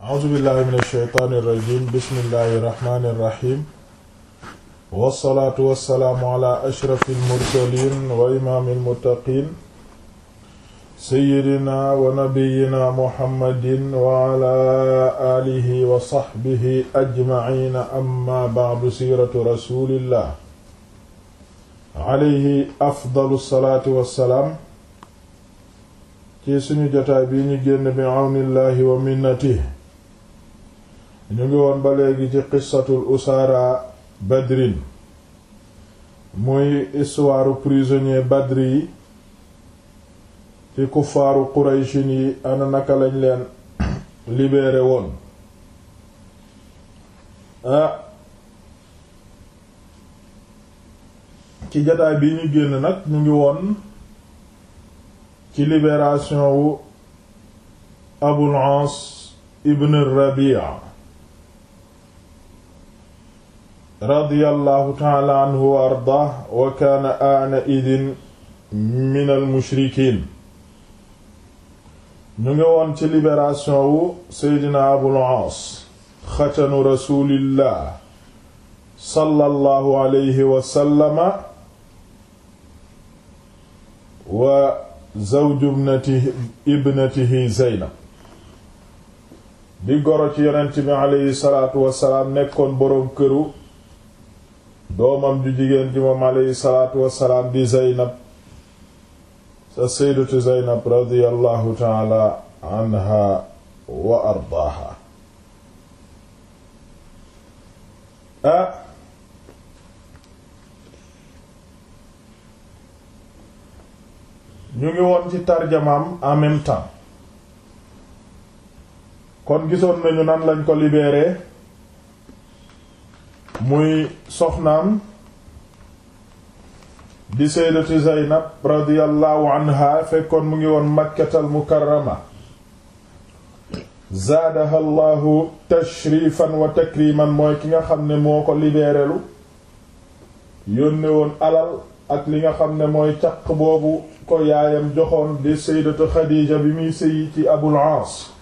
auzubillahi min alsheytaani irrajim bismillahi irrahmani irrahim wassalaatu wassalaamu ala ashrafi almursalin wa imaami almuttaqin seyidina wa nabiyina muhammadin wa ala alihi wa saxbihi ajmaciina amma bacdu siiratu rasulillah alayhi afdalu salaati wassalaam ci suñu jotaay bi ñu génn bi awnillahi wa minnatihi ñu ngi woon ba léegi ci qissatul usaara badrin muy histoire prisonnier badri yi ci kuffaaru quraychin yi ana naka lañ leen libéré woon ah, ci jataay bi ñu génn nag ñu ngi woon ci libération wu abul aas ibn rabia radiyallahu taala anhu wa ardah wa kaana aana idin min al mushrikiin ñu ngi woon ci libération wu seydina abul aas xatanu rasulillah sallallahu alayhi wa sallama wa zawju ibnatihi ibnatihi zeynab di goro ci yonent bi alayhi salaatu wassalaam nekkoon boroom këru doomam ju jigéen ji moom aleyhi salaatu wassalaam di Zeynab sa sayyidatu Zeynab radiyallahu taala anha wa ardaaha ah ñu ngi woon ci tarjamaam en même kon gisoon nañu nan lañ ko libéré muy soxnaam di sayyidatu Zaynab radiyallahu anha fekkoon mu ngi woon Makkatal Mukarrama zaadaha llahu tashrifan wa takriman mooy ki nga xam ne moo ko libéerelu yónne woon alal ak li nga xam ne mooy caq boobu ko yaayam joxoon di sayyidatu Xadiija bi muy sëyi ci Abul Aas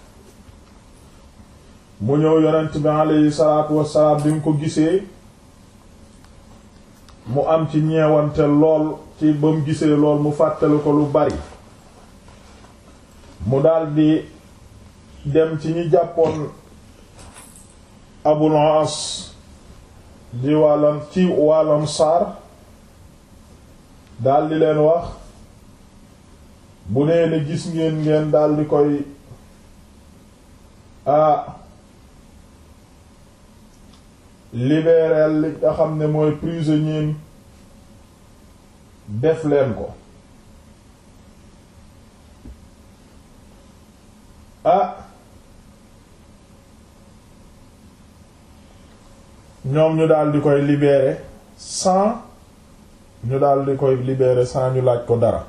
mu ñëw yonent bi aleyhi salaatu wasalaam bi nga ko gisee mu am ci ñeewante lool ci ba mu gisee lool mu fàttali ko lu bari mu daldi dem ci ñi jàppoon Abul Aas di wàllam ci wàllam saar daldi leen wax bu nee gis ngeen ngeen daldi koy ah libérer li nga xam ne mooy prisonnier def leen ko a ah, ñoom ñu daal koy libérer sans ñu daal di koy libere sans ñu laaj ko dara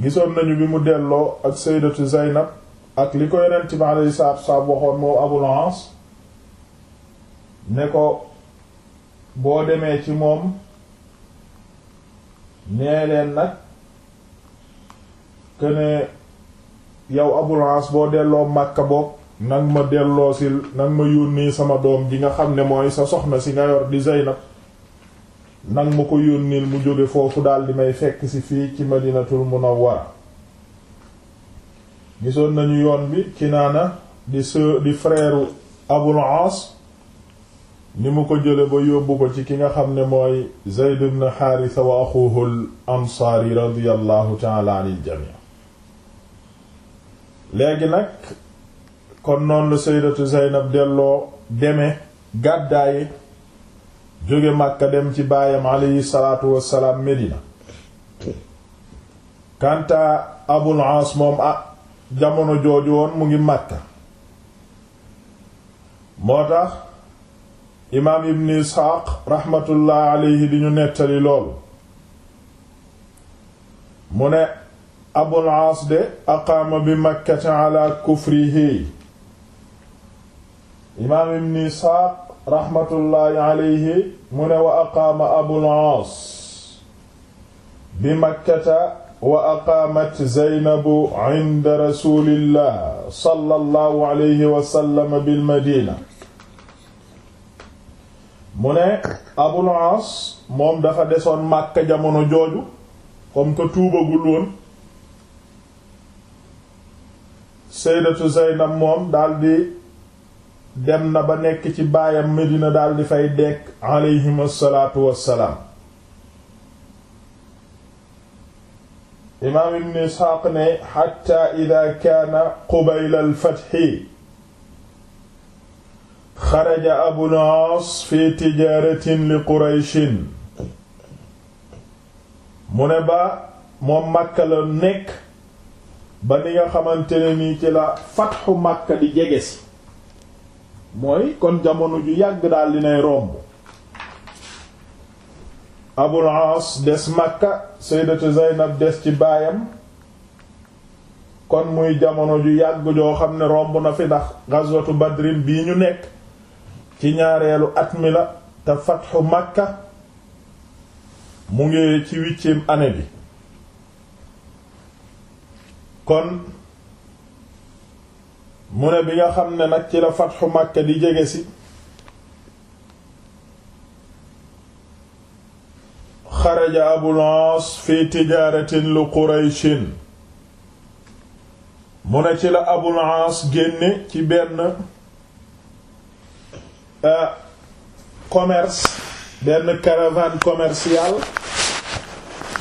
gisoon nañu bi mu delloo ak sayyidatu Zaynab ak li ko yonent bi alayhi salaatu wa salaam waxoon moo Abul ne ko boo demee ci moom nee leen nag këne yow Abul As boo delloo Makka boog nag ma delloo si nag ma yónnii sama doom ji nga xam ne mooy sa soxna si nga yor di Zaynab nag ma ko yónnil mu jóge foofu daal di may fekk si fii ci Madinatul Munawwara gisoon nañu yoon bi Kinaana di sœur di frère Abul As ni mu ko jële ba yóbbu ko ci ki nga xam ne mooy Zayd ibn Haarisa wa axuhu al ansaari radiyallahu taala anil jamii léegi nag kon noonu la saydatu Zaynab delloo deme gàddaaye jóge Màkka dem ci baayam aleyhi salaatu wassalaam Medina kanta Abul Aas moom ah jamono jooju woon mu ngi Màkka moo tax imaam ibn isxaaq raxmatullaahi aleyhi di ñu nettali loolu mu ne abul aas de aqaama bi makkati ala kufrihi imaam ibn isxaaq raxmatullaahi aleyhi mu ne wa aqaama abul aas bi makkata wa aqaamat zeynabu inda rasulillah sallallahu alayhi wa sallam bil madina mu ne Abul As moom dafa desoon Màkka jamono jooju comme que tuubagul woon Sayyidatu Zaynab moom daldi dem na ba nekk ci baayam Medina daldi fay dekk alayhim assalaatu wassalaam imaam Ibn Isxaaq ne xatta ida kaana qubayla al xareja abul aas fi tijaaratin li qurayshin mu ne ba moom Makka la nekk ba ni nga xamante ne ci la fatxu Makka di jege si mooy kon jamono ju yàgg daal dinay romb abul aas des Makka sayyidatu Zaynab des ci baayam kon muy jamono ju yàgg joo xam ne romb na fi ndax gazwatu Badrin bii ñu nekk ci ñaareelu at mi la te fatxu Makka mu ngi ci huitième année bi kon mu ne bi nga xam ne nag ci la fatxu Makka di jege si xaraja Abul Aas fi tijaaratin lu Qurayshin mu ne ci la Abul Aas génne ci benn Euh, commerce benn caravane commercial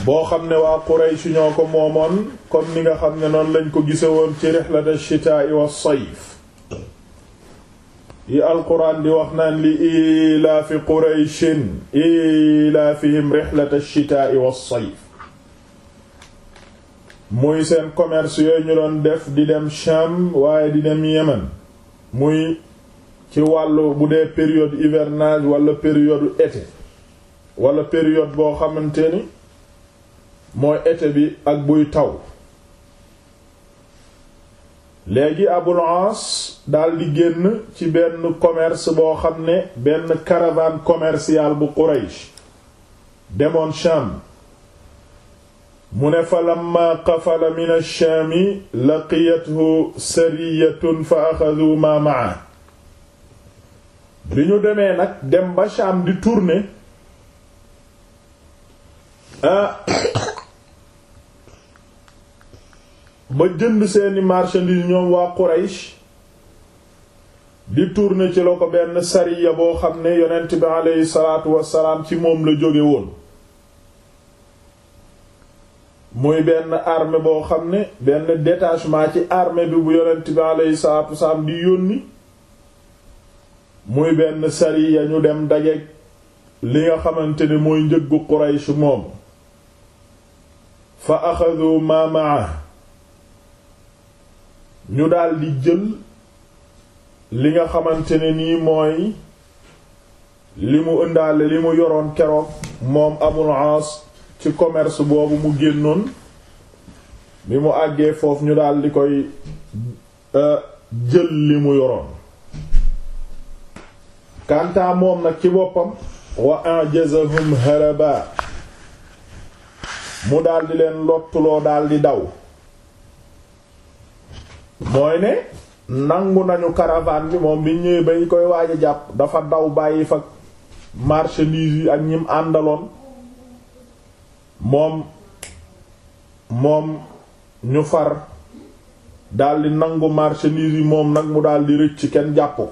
boo xam ne waa Quraysh ñoo ko moomoon comme ni nga xam ne noonu lañ ko gise woon ci rihlat ash-shitaa'i was-sayf yi alquran di wax naan li ilaafi fi ilaafihim rihlat ash-shitaa'i was-sayf muy seen commerce yooyu ñu doon def di dem Sham waaye di dem Yemen muy ci wàllu bu dee période hivernage wala période été wala période boo xamante ni mooy été bi ak buy taw léegi Abul daldi génn ci benn commerce boo xam ne benn caravane commerciale bu Quraysh demoon Sham mu ne fa lamma qafala min ash-Shami laqiyathu sariyatun fa axaduu ma ma'a bi ñu demee nag dem ba Sham di tourner ah, ba jënd seeni marchandise ñoom waa Quraysh di tourner ci la ko benn sariya boo xam ne yonent bi aleyhi salaatu wassalaam ci moom la jóge woon muy benn armée boo xam ne benn détachement ci armée bi bu yonent bi aleyhi salaatu wassalaam di yónni muy benn sariya ñu dem dajeek li nga xamante ne mooy njëggu Quraysh moom fa axadu ma ñu daldi jël li nga xamante ne nii mooy li mu ëndaale li mu yoroon keroog moom Abul Aas ci commerce boobu mu génnoon bi mu àggee foofu ñu daldi koy euh, jël li mu yoroon kantaa moom nag ci boppam wa ajazahum haraba mu daldi leen lottuloo daldi daw mooy ne nangu nañu caravane bi moom bi ñëwee ba ñu koy waaj jàpp dafa daw bàyyi fa marchandise yi ak ñim àndaloon moom moom ñu far daldi nangu marchandise yi moom nag mu daldi rëcc kenn jàpp ko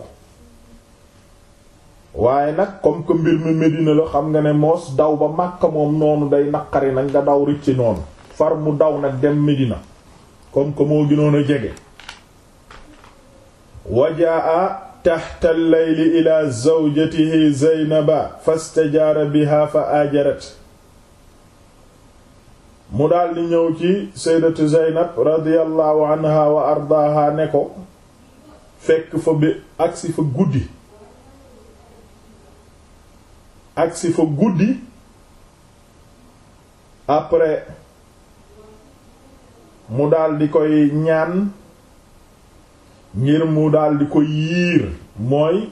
waaye nag comme que mbir mi Medina la xam nga ne moos daw ba Makka moom noonu day naqari nag nga daw ricci noonu far mu daw nag dem Medina comme que moo gënoon a jege wajaa taxta layli ila zawjatihi Zaynaba fastajaara biha fa ajarat mu daldi ñëw ci sayyidatu Zaynab radiyallahu anha wa ardaaha ne ko fekk fa bi agsi fa guddi agsi fa guddi après mu daldi koy ñaan ngir mu daldi koy yiir mooy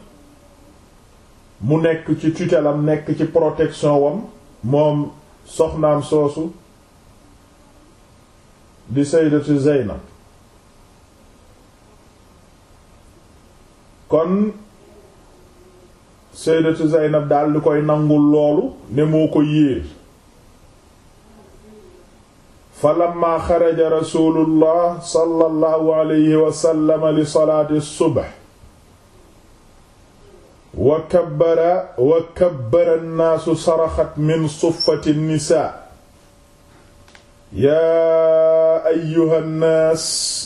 mu nekk ci tutelam nekk ci protection wam moom soxnaam soosu di sayyidatu Zaynab kon sayyidatu Zaynab daal di koy nangul loolu ne moo ko yéer fa lamma xaraja rasulullah sallallahu alayhi wa sallam li salaati subh wa kabbara wa kabbara nnaasu saraxat min suffati nisaa yaa ayyuha nnaas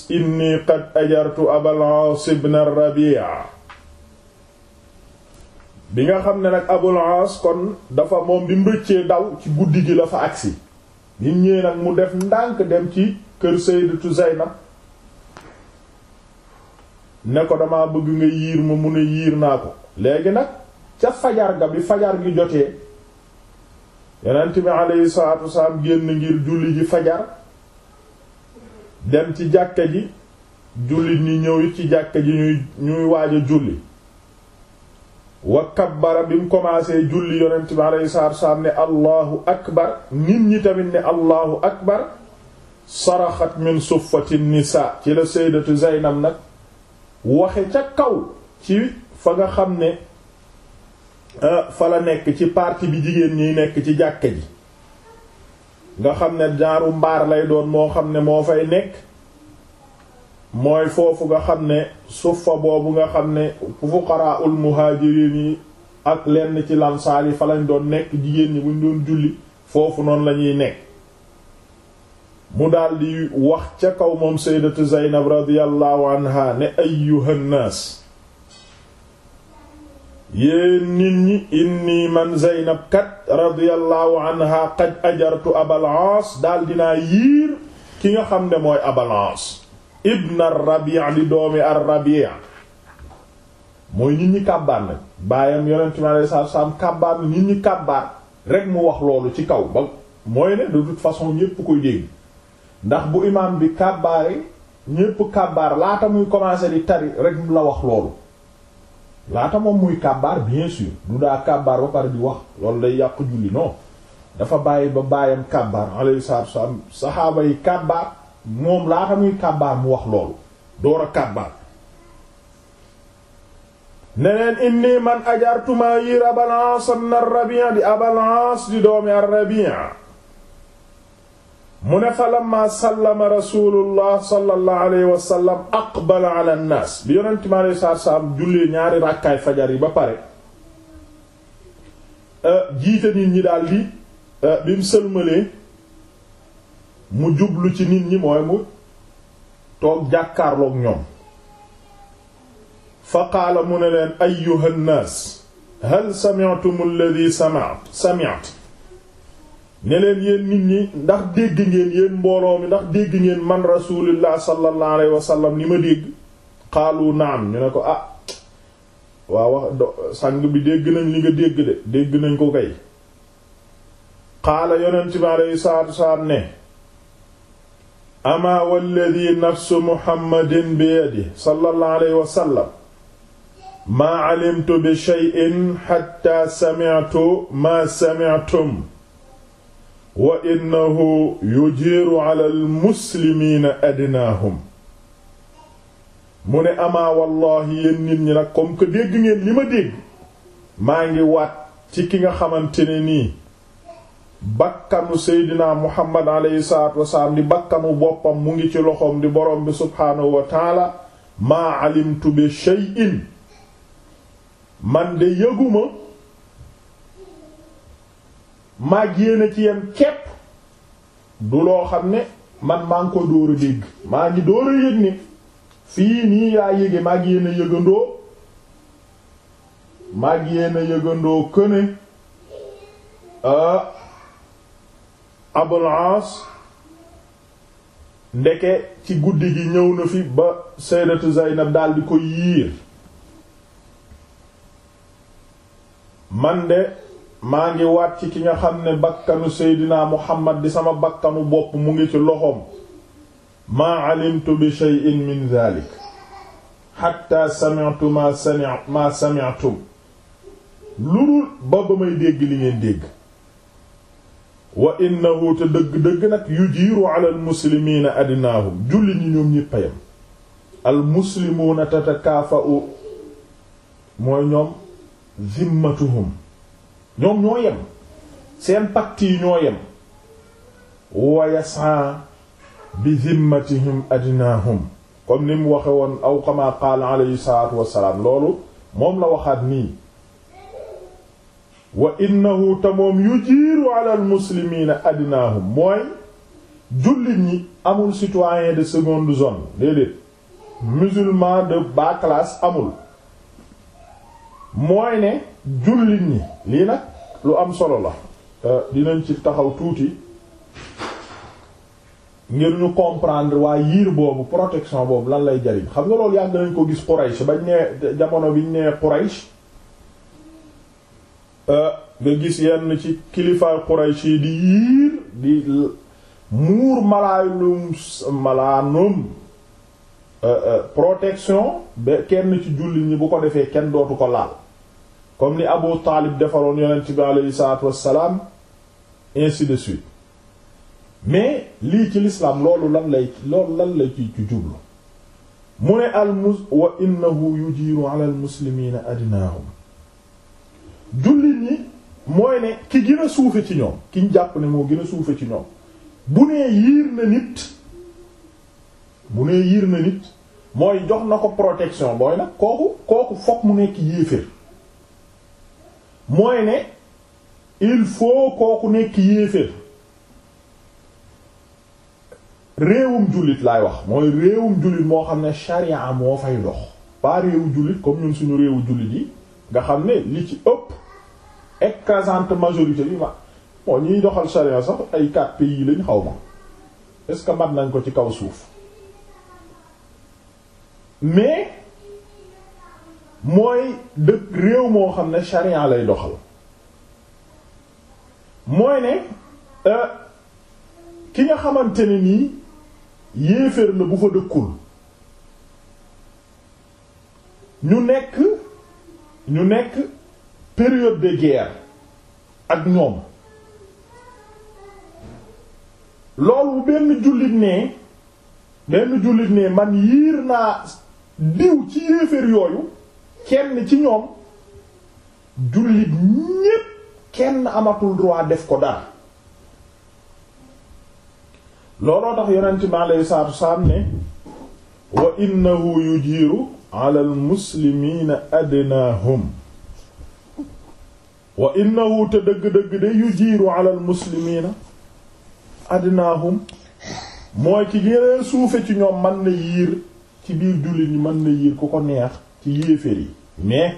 inni qad ajartu abal aas ibn rabi'a bi nga xam ne nag Abul Aas kon dafa moom bi mu rëccee daw ci guddi gi la fa agsi bi ñëwee nag mu def ndànk dem ci kër Sayyidatu Zaynab ne ko dama bëgg nga yiir ma mu ne yiir naa ko léegi nag ca fajar ga bi fajar gi jotee yonent bi alayhi salaatu wasalaam génn ngir julli ji fajar dem ci jàkka ji jullit ñi ñëw ci jàkka ji ñuy ñuy waaj a julli wa kabbara bi mu commencé julli yonent bi alayhi salaatu wasalaam ne allahu akbar nit ñi tamit ne allahu akbar saraxat min suffati nisa ci la seydatu Zaynab nag waxe ca kaw ci fa nga xam ne euh, fa la nekk ci partie bi jigéen ñiy nekk ci jàkka ji nga xam ne jaaru mbaar lay doon moo xam ne moo fay nekk mooy foofu nga xam ne suffa boobu nga xam ne fuqaraul muhaajiriin yi ak lenn ci lansaar yi fa lañ doon nekk jigéen ñi buñ doon julli foofu noonu la ñuy nekk mu daldi wax ca kaw moom sayyidatu Zaynab radiyallahu anha ne ayyuhan naas yéen nit ñi inni man Zaynab kat radiyallahu anha qad ajartu Abal Aas daal dinaa yiir ki nga xam ne mooy Abal Aas ibn ar-Rabi' di doomi ar-Rabi' mooy nit ñi kàbbaar nag baayam yonent mi alayhi salaatu salaam kàbbaar na nit kàbbaar rek mu wax loolu ci kaw ba mooy ne de façon ñépp koy dégg bu imaam bi kàbbaari ñépp kàbbaar laata muy commencer di tari rek la wax loolu laata moom muy kàbbaar bien sûr du daa kàbbaar ba pare di wax loolu day yàq julli non dafa bàyyi ba baayam kàbbaar alayhi salaatu saxaaba yi kàbbaar moom laa muy kàbbaar mu wax loolu door a kàbbaar ne neen inni man ajartuma yir Abal Aas ibn Rabi' di Abal di doomi Rabi' mu ne fa lamma sallama rasulullah sallallahu alayhi wa sallam aqbala ala nnaas bi yonent mi alayhi salaatu salaam jullee ñaari ràkkaay fajar yi ba pare eh, jiite nit ñi daal li eh, bi mu mu jublu ci nit ñi mooy mu toog jàkkaarloog ñoom fa qaala mu ne leen ayyuha nnaas hal sami'tum alladhi sami'tu sami'tu ne leen yéen nit ñi ndax dégg ngeen yéen mbooloo mi ndax dégg ngeen man rasulillah sallallahu alayhi wa sallam li ma dégg qaalu naam ñu ne ko ah waa sang bi dégg nañ li nga dégg de dégg nañ ko kay xaala yonent bi alayhi salaatu wasalaam ne amaa walladi nafsu muhammadin bi yadihi sallallahu alayhi wa sallam maa alimtu bi shay'in hatta sami'tu maa sami'tum wa innahu yujiiru ala almuslimiina adnaahum mu ne amaa wallaahi yéen nit ñi nag comme que dégg ngeen li ma dégg maa ngi waat ci ki nga xamante ne nii bakkanu seydina muhammad aleyhi salaatu wasalaam di bakkanu boppam mu ngi ci loxoom di borom bi subhaanahu wa taala maa alimtu bi shay'in man de yëguma maa yéene ci yem képp du xam ne man maa ngi ko dóor a dégg maa ngi dóor a yëg ni fii nii laa yége maa ngi yéen yëgandoo maa ngi yëgandoo këne Abul Aas ndeke ci guddi gi ñëw na fi ba sayyidatu Zaynab daldi ko yiir man de maa ngi waat ki nga xam ne bakkanu seydinaa Muhammad di sama bakkanu bopp mu ngi ci loxoom maa alimtu bi shay'in min dhalik hatta sami'tu ma sami'tu ma sami'tum lu dul ba ba may dégg li ngeen dégg wa innahu te dëgg-dëgg nag yujiiru ala almuslimiina adnaahum julli ñi ñoom ñëpp a yem almuslimuuna tatakaafa'u mooy ñoom zimmatuhum ñoom ñoo yem seen pacte yi ñoo yem wa yas'a bi zimmatihim adnaahum comme ni waxe woon aw kama qaala alayhi salaatu wassalaam loolu moom la waxaat nii wa innahu te moom yujiiru ala almuslimiina adnaahum mooy jullit ñi amul citoyen de seconde zone déedéet musulman de bas classe amul mooy ne jullit ñi lii nag lu am solo la dinañ ci taxaw tuuti ngir ñu comprendre waaye yiir boobu protection boobu lan lay jariñ xam nga loolu yàgg nañ ko gis Quraysh bañ nee jamono biñ nee Quraysh Euh, nga gis yenn ci kilifaay Quraysh di yiir di muur malaayum malaanum euh, euh, protection ba kenn ci jullit ñi bu ko defee kenn dootu ko laal comme ni Abu Taalib defaroon yonent bi aleyhi salaatu wassalaam ainsi de suite mais lii ci lislaam loolu lan lay loolu lan lay ci ci jublu mu ne al mus wa innahu yujiiru ala al muslimiina adnaahum jullit ñi mooy ne ki gën a suufe ci ñoom ki ñu jàpp ne moo gën a suufe ci ñoom bu nee yiir na nit bu nee yiir na nit mooy jox na ko protection booy nag kooku kooku fokk mu nekk yéeféer mooy ne il faut kooku nekk yéeféer réewum jullit laay wax mooy réewum jullit moo xam ne sharia moo fay ndox pas réewu jullit comme ñun suñu réewu jullit yi nga xam ne li ci ëpp écrasante majorité bi ma moo ñuy doxal charia sax ay quatre pays yi lañ xaw ma est-ce que mat nañ ko ci kaw suuf mais mooy dëkk réew moo xam ne charia lay doxal mooy ne euh, ki nga xamante ne nii yéeféer na bu fa dëkkul ñu nekk ñu nekk période de guerre ak ñoom loolu benn jullit ne benn jullit ne man yiir naa diw ci yéeféer yooyu kenn ci ñoom jullit ñépp kenn amatul droit def ko dara looloo tax yonent mi alayhi salaatu wasalaam wa innahu yujiiru ala almuslimiina adnaahum wa innahu te dëgg-dëgg de yujiiru ala al muslimiina adnaahum mooy ci yeneen suufe ci ñoom man na yiir ci biir jullit yi mën na yiir ku ko neex ci yéeféer yi mais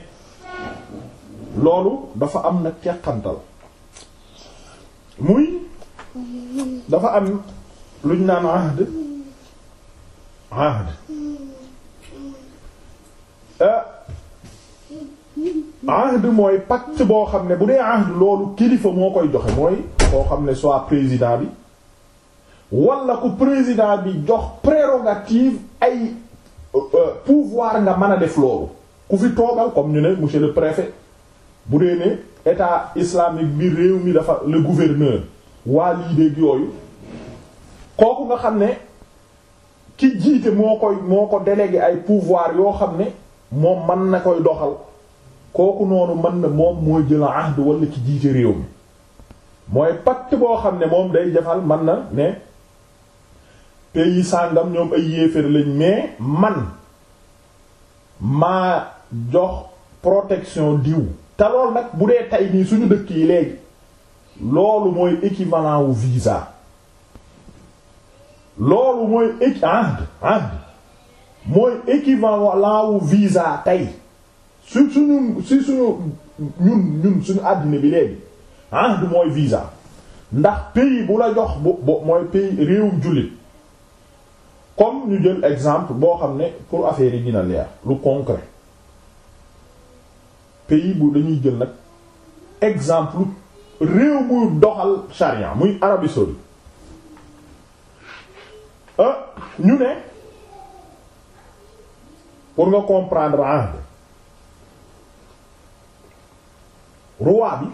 loolu dafa am nag teqantal muy dafa am luñ naan ahd ahd eh, ahd mooy pacte boo xam ne bu dee ahd loolu kilifa moo koy joxe mooy koo xam ne soit président bi wala ku président bi jox prérogative ay euh, pouvoir nga mën a def loolu ku fi toogal comme ñu ne monsieur le préfet bu dee ne état islamique bi réew mi dafa le gouverneur waa lii déeg yooyu kooku nga xam ne ki jiite moo koy moo ko délégué ay pouvoir yoo xam ne moom man na koy doxal kooku noonu mën na moom mooy jël ahd wala ci jiite réew mi mooy pacte boo xam ne moom day jafal mën na ne pays sàngam ñoom ay yéeféer lañ mais man maa jox protection diw te lool nag bu dee tay nii suñu dëkk yi léegi loolu mooy équivalent wu visa loolu mooy ahd ahd mooy équivalent wu visa tey su suñu si suñu ñun ñun suñu àddina bi léegi ah mooy visa ndax pays bu la jox bu bu mooy pays réewum jullit comme ñu jël exemple boo xam ne pour affaire yi dina leer lu concret pays bu dañuy jël nag exemple réew muy doxal charia muy Arabie saoudite ah ñu ne pour nga comprendre ah. roi bi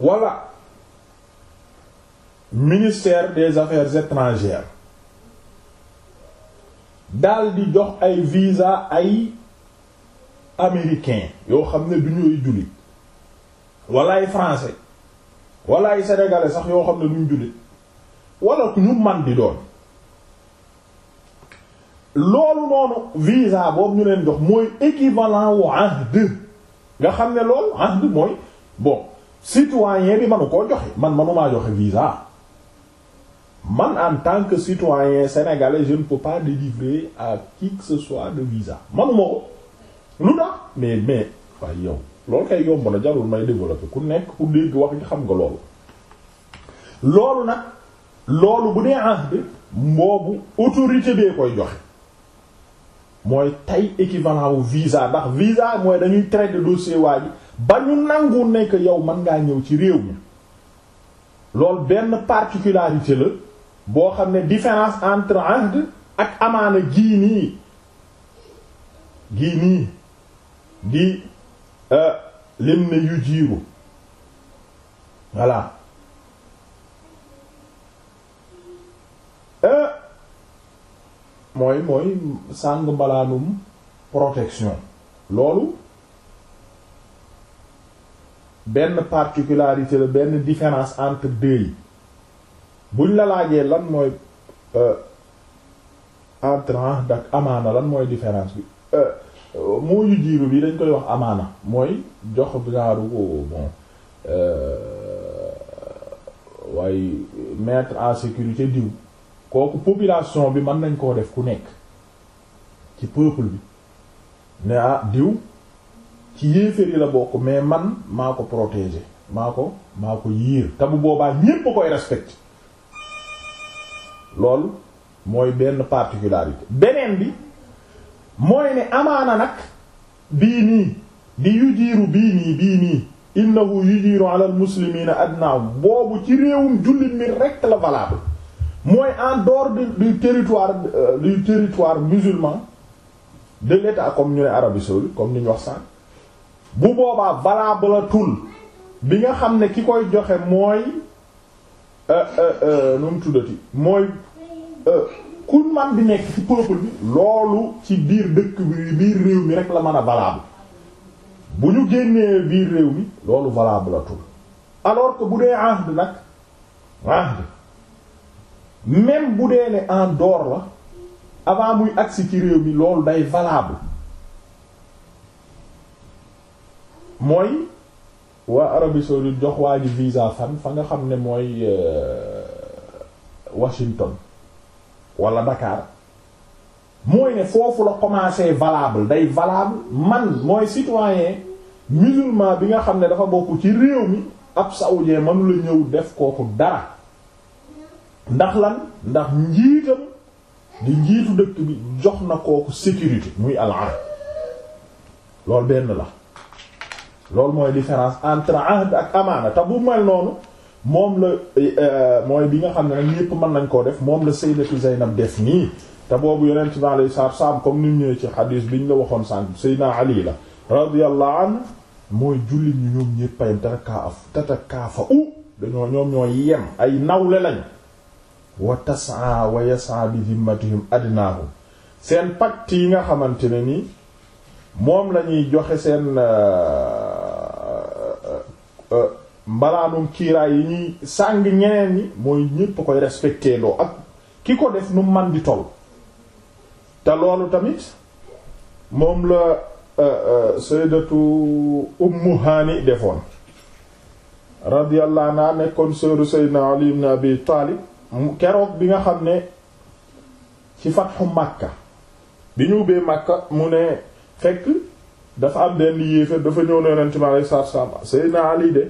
walla ministère des affaires étrangères dal di jox ay visa ay américain yoo xam ne du ñuy jullit walla ay français walla ay sénégalais sax yoo xam ne duñ jullit walla ku ñu man di doon loolu noonu visa boobu ñu leen jox mooy équivalent wu ahd nga xam ne loolu ahd mooy bon citoyen bi manu koo joxe man manumaa joxe visa man en tant que citoyen sénégalais je ne peux pas délivrer à qui que ce soit de visa manuma ko lu tax mais mais waaye yow loolu kay yomb na jarul may développer ku nekk ku dégg wax ñu xam nga loolu loolu nag loolu bu dee ahd boobu autorité bee koy joxe mooy tey équivalent wu visa ndax visa mooy dañuy traiter dossier waa ji ba ñu nangu nekk yow mën ngaa ñëw ci réew mi loolu benn particularité la boo xam ne différence entre ahd ak amaana gii nii gii nii di euh, lim ne yu jiiru voilà mooy mooy sàng mbalaanum protection loolu benn particularité la benn différence entre deux yi buñ la laajee lan mooy euh, entre ahd ak amaana lan mooy différence bi euh, moo yu jiiru bi dañ koy wax amaana mooy jox gaaru ko bon euh, waaye mettre en sécurité diw kooku population bi mën nañ koo def ku nekk ci peuple bi ne ah diw ci yéeféer yi la bokk mais man maa ko protégé maa ko maa ko yiir te bu boobaa ñépp koy respecté loolu mooy benn particularité beneen bi mooy ne amaana nag bii nii di yu jiiru bii nii bii nii innahu yujiru ala al muslimina adnaaw boobu ci réewum jullit mi rekk la valable mooy en dehors du, du territoire euh, du territoire musulman de l'État comme ñu ne Arabie saoudite comme ni ñu wax sànq bu boobaa valable tul bi nga xam ne ki koy joxe mooy euh, euh, euh tuddati mooy euh, kun man bi nekk ci peuple bi loolu ci biir dëkk bi biir réew mi rek la mën a valable bu ñu génnee biir réew mi loolu valable tul alors que bu dee ahd nag ahd même bu dee ne en door la avant muy agsi ci réew mi loolu day valable mooy waa Arabie saoudite jox waa ji visa fan fa nga xam ne mooy euh, Washington wala Dakar mooy ne foofu la commencé valable day valable man mooy citoyen musulman bi nga xam ne dafa bokk ci réew mi ab saoudien man la ñëw def kooku dara ndax lan ndax njiitam di njiitu dëkk bi jox na kooku sécurité muy al-ahd benn la loolu mooy différence entre ahd ak amaana te bu mel noonu moom la euh, mooy bi nga xam ne nag ñépp mën nañ koo def moom la sayyidatu Zaynab def nii te boobu yonent bi alayhi salaatu salaam comme ni mu ñëwee ci xadiis bi ñu la waxoon sànq Seydina Ali la radiyallahu anhu mooy jullit ñi ñoom ñépp ayam tatakaafa u dañoo ñoom ñooy yem ay nawle lañ wa tasaa wa yasaa bi zimmatihim adnaahum seen pacte yi nga xamante ne ni moom lañuy joxe seen euh, euh, euh, mbalaanum kiiraay yi ñuy sàng ñeneen ñi mooy ñépp koy respecte loo ak ki ko def nu man di toll te loolu tamit moom la sayyidatu ummu haani defoon radiyallahu naa nekkoon sœuru sayyidina ali ibn abi taalib keroog bi nga xam ne ci fatxu Makka bi ñu ubbee Makka mu ne fekk dafa am benn yéefar dafa ñëw ne yonent mi alayhi salaatu salaam Seydina Ali de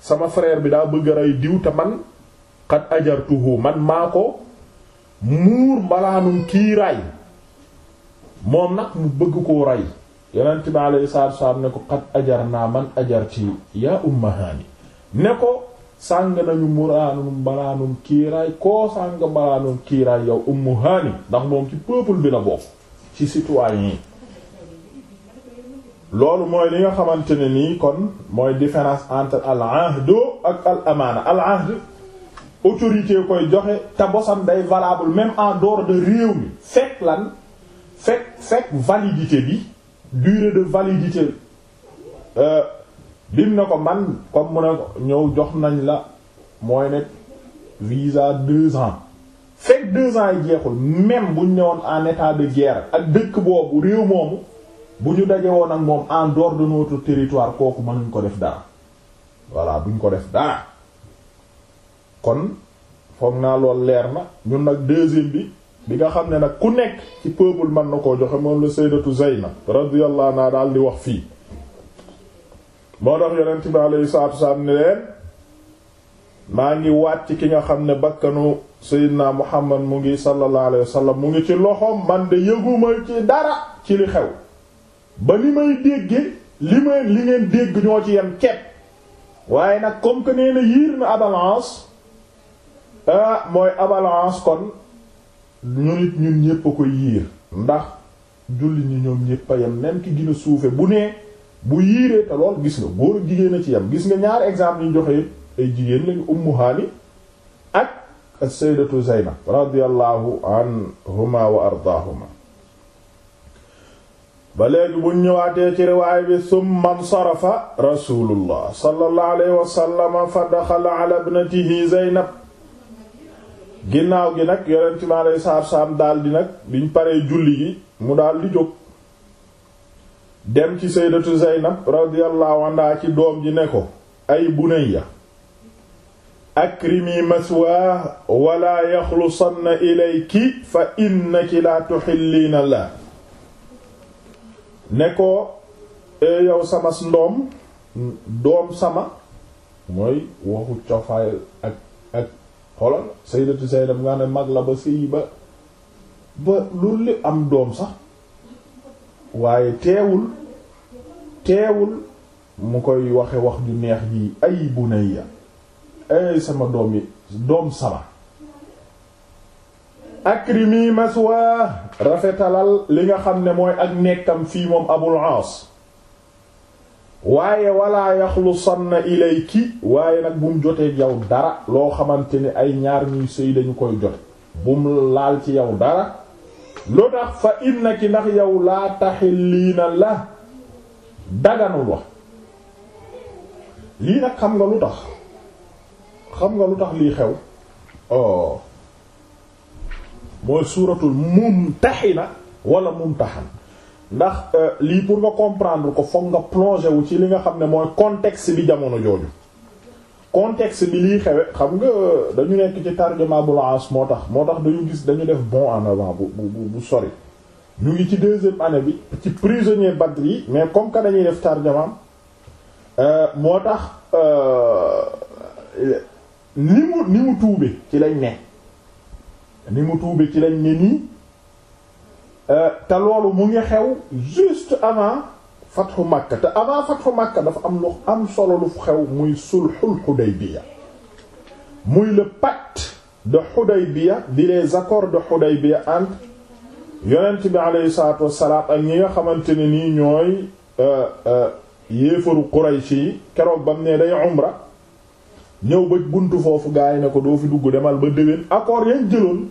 sama frère bi daa bëgg rey diw te man xat ajartuhu man maa ko muur mbalaanum kii ray moom nag mu bëgg koo rey yonent bi alayhi salaatu salaam ne ko xat ajar naa man ajar ci yaa umma ne ko sàng nañu muraanum balaanum kiiraay koo sàng balaanum kiiraay yow ummu haani ndax moom ci peuple bi la bokk ci citoyen yi loolu mooy li nga xamante ne nii kon mooy différence entre al ahd ak al amaana al ahd autorité koy joxe te bosam day valable même en dehors de réew mi fekk lan fekk fekk validité bi durée de validité euh, bim ne ko man comme mu ne ko ñëw jox nañ la mooy nekk visa deux ans fekk deux ans yi jeexul même buñ newoon en état de guerre ak dëkk boobu réew moomu bu ñu daje woon ak moom en dehors de notre territoire kooku mënuñ ko def dara voilà buñ ko def dara kon foog naa lool leer na ñun nag deuxième bi bi nga xam ne nag ku nekk ci peuple man na koo joxe moom la sayyidatu Zaynab radiyallahu naa daal di wax fii moo tax yonent bi alayhi salaatu ni leen maa ngi wàcc ki nga xam ne bakkanu Seydina Muhammad mu ngi sallallahu alayhi wasallam mu ngi ci loxoom man de yëguma ci dara ci li xew ba li may dégge li may li ngeen dégg ñoo ci yem kepp waaye nag comme que nee na yiir na abalance ah, mooy abalance kon ñu nit ñun ñépp a ko yiir ndax julli ñi ñoom ñépp a yem même ki gën suufe bu nee bu yiiree te lool gis nga góor jigéen ci yam gis nga ñaari exemple ñu joxe ay jigéen lañu ummu haani ak as-sayyidatu zaynab radiyallahu anhuma wa ardaahuma ba léegi buñ ñëwaatee ci riwaay bi summa nsarafa rasulullah sallallahu alayhi wa fa daxala ala ibnatihi zaynab ginnaaw gi nag yonent mi alayhi salaam daal di nag biñ paree julli gi mu daal di jóg dem ci sayyidatu Zaynab radiyallahu anha ci doom ji ne ko ay bunayya akrimi maswa wala yaxlusanna ilayki fa innaki la tuhilliina la ne ko e yow sama ndoom doom sama mooy waxu cofaay ak ak xolal sayyidatu Zaynab nga ne mag la ba sëyi ba ba loolu li am doom sax waaye teewul teewul mu koy waxe wax ju neex ji ay bunayya ay sama doom yi doom sama akrimi masuwa rafetalal li nga xam ne mooy ak nekkam fii moom abul aas waaye wala yaxlusanna ilayki waaye nag bum jotee yow dara loo xamante ni ay ñaar ñuy sëy dañu koy jot bum laal ci yow dara lu tax fa innaki ndax yow laa tahilliina la daganul wax lii nag xam nga lu tax xam nga lu tax lii xew oh mooy suuratul mumtaxina wala mumtaxan ndax euh, lii pour nga comprendre ko fokk nga plonger wu ci li nga xam ne mooy contexte bi jamono jooju contexte bi lii xewe xam nga dañu nekk ci tarjuma bu laas moo tax moo tax dañu gis dañu def bon en avant bu bu bu sori ñu ngi ci deuxième année bi ci prisonnier Badr yi mais comme que dañuy def tarjumaam euh, moo tax euh, ni mu ci lañ ne ni mu tuube ci lañ ne nii euh, te loolu mu ngi xew juste avant fatxu Makka te avant fatxu Makka dafa am lu am solo lu xew muy sulxul Hudaybiya muy le pacte de Hudaybiya di les accords de Hudaybiya entre yonent bi aleyhi salaatu ak ñi nga xamante ni nii ñooy euh, euh, yéefaru Quraysh yi keroog bam ne day umra ñëw ba buntu foofu gaa yi ne ko doo fi dugg demal ba déwén accords yañ jëloon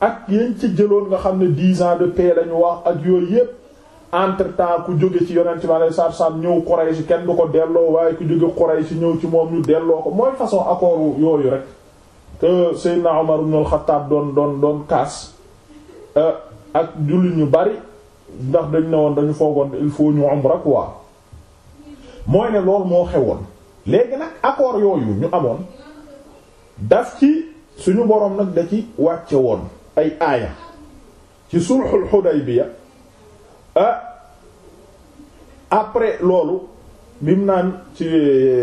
ak yañ ci jëloon nga xam ne dix ans de paix lañu wax ak yooyu yépp entre temps ku jóge ci yonent bi alayhi salaatu salaam ñëw Quraysh kenn du ko delloo waaye ku jóge Quraysh ñëw ci moom ñu delloo ko mooy façon accord yooyu rek que Seydina Omar ibn al-Khattab doon doon kaas euh, ak jullit ñu bari ndax dañ ne woon dañu foogoon il faut ñu umra quoi mooy ne loolu moo xewoon léegi nag accord yooyu ñu amoon daf ci suñu boroom nag da ci wàcce woon ay aaya ci sulhul Hudaybiya ah après loolu bim naan ci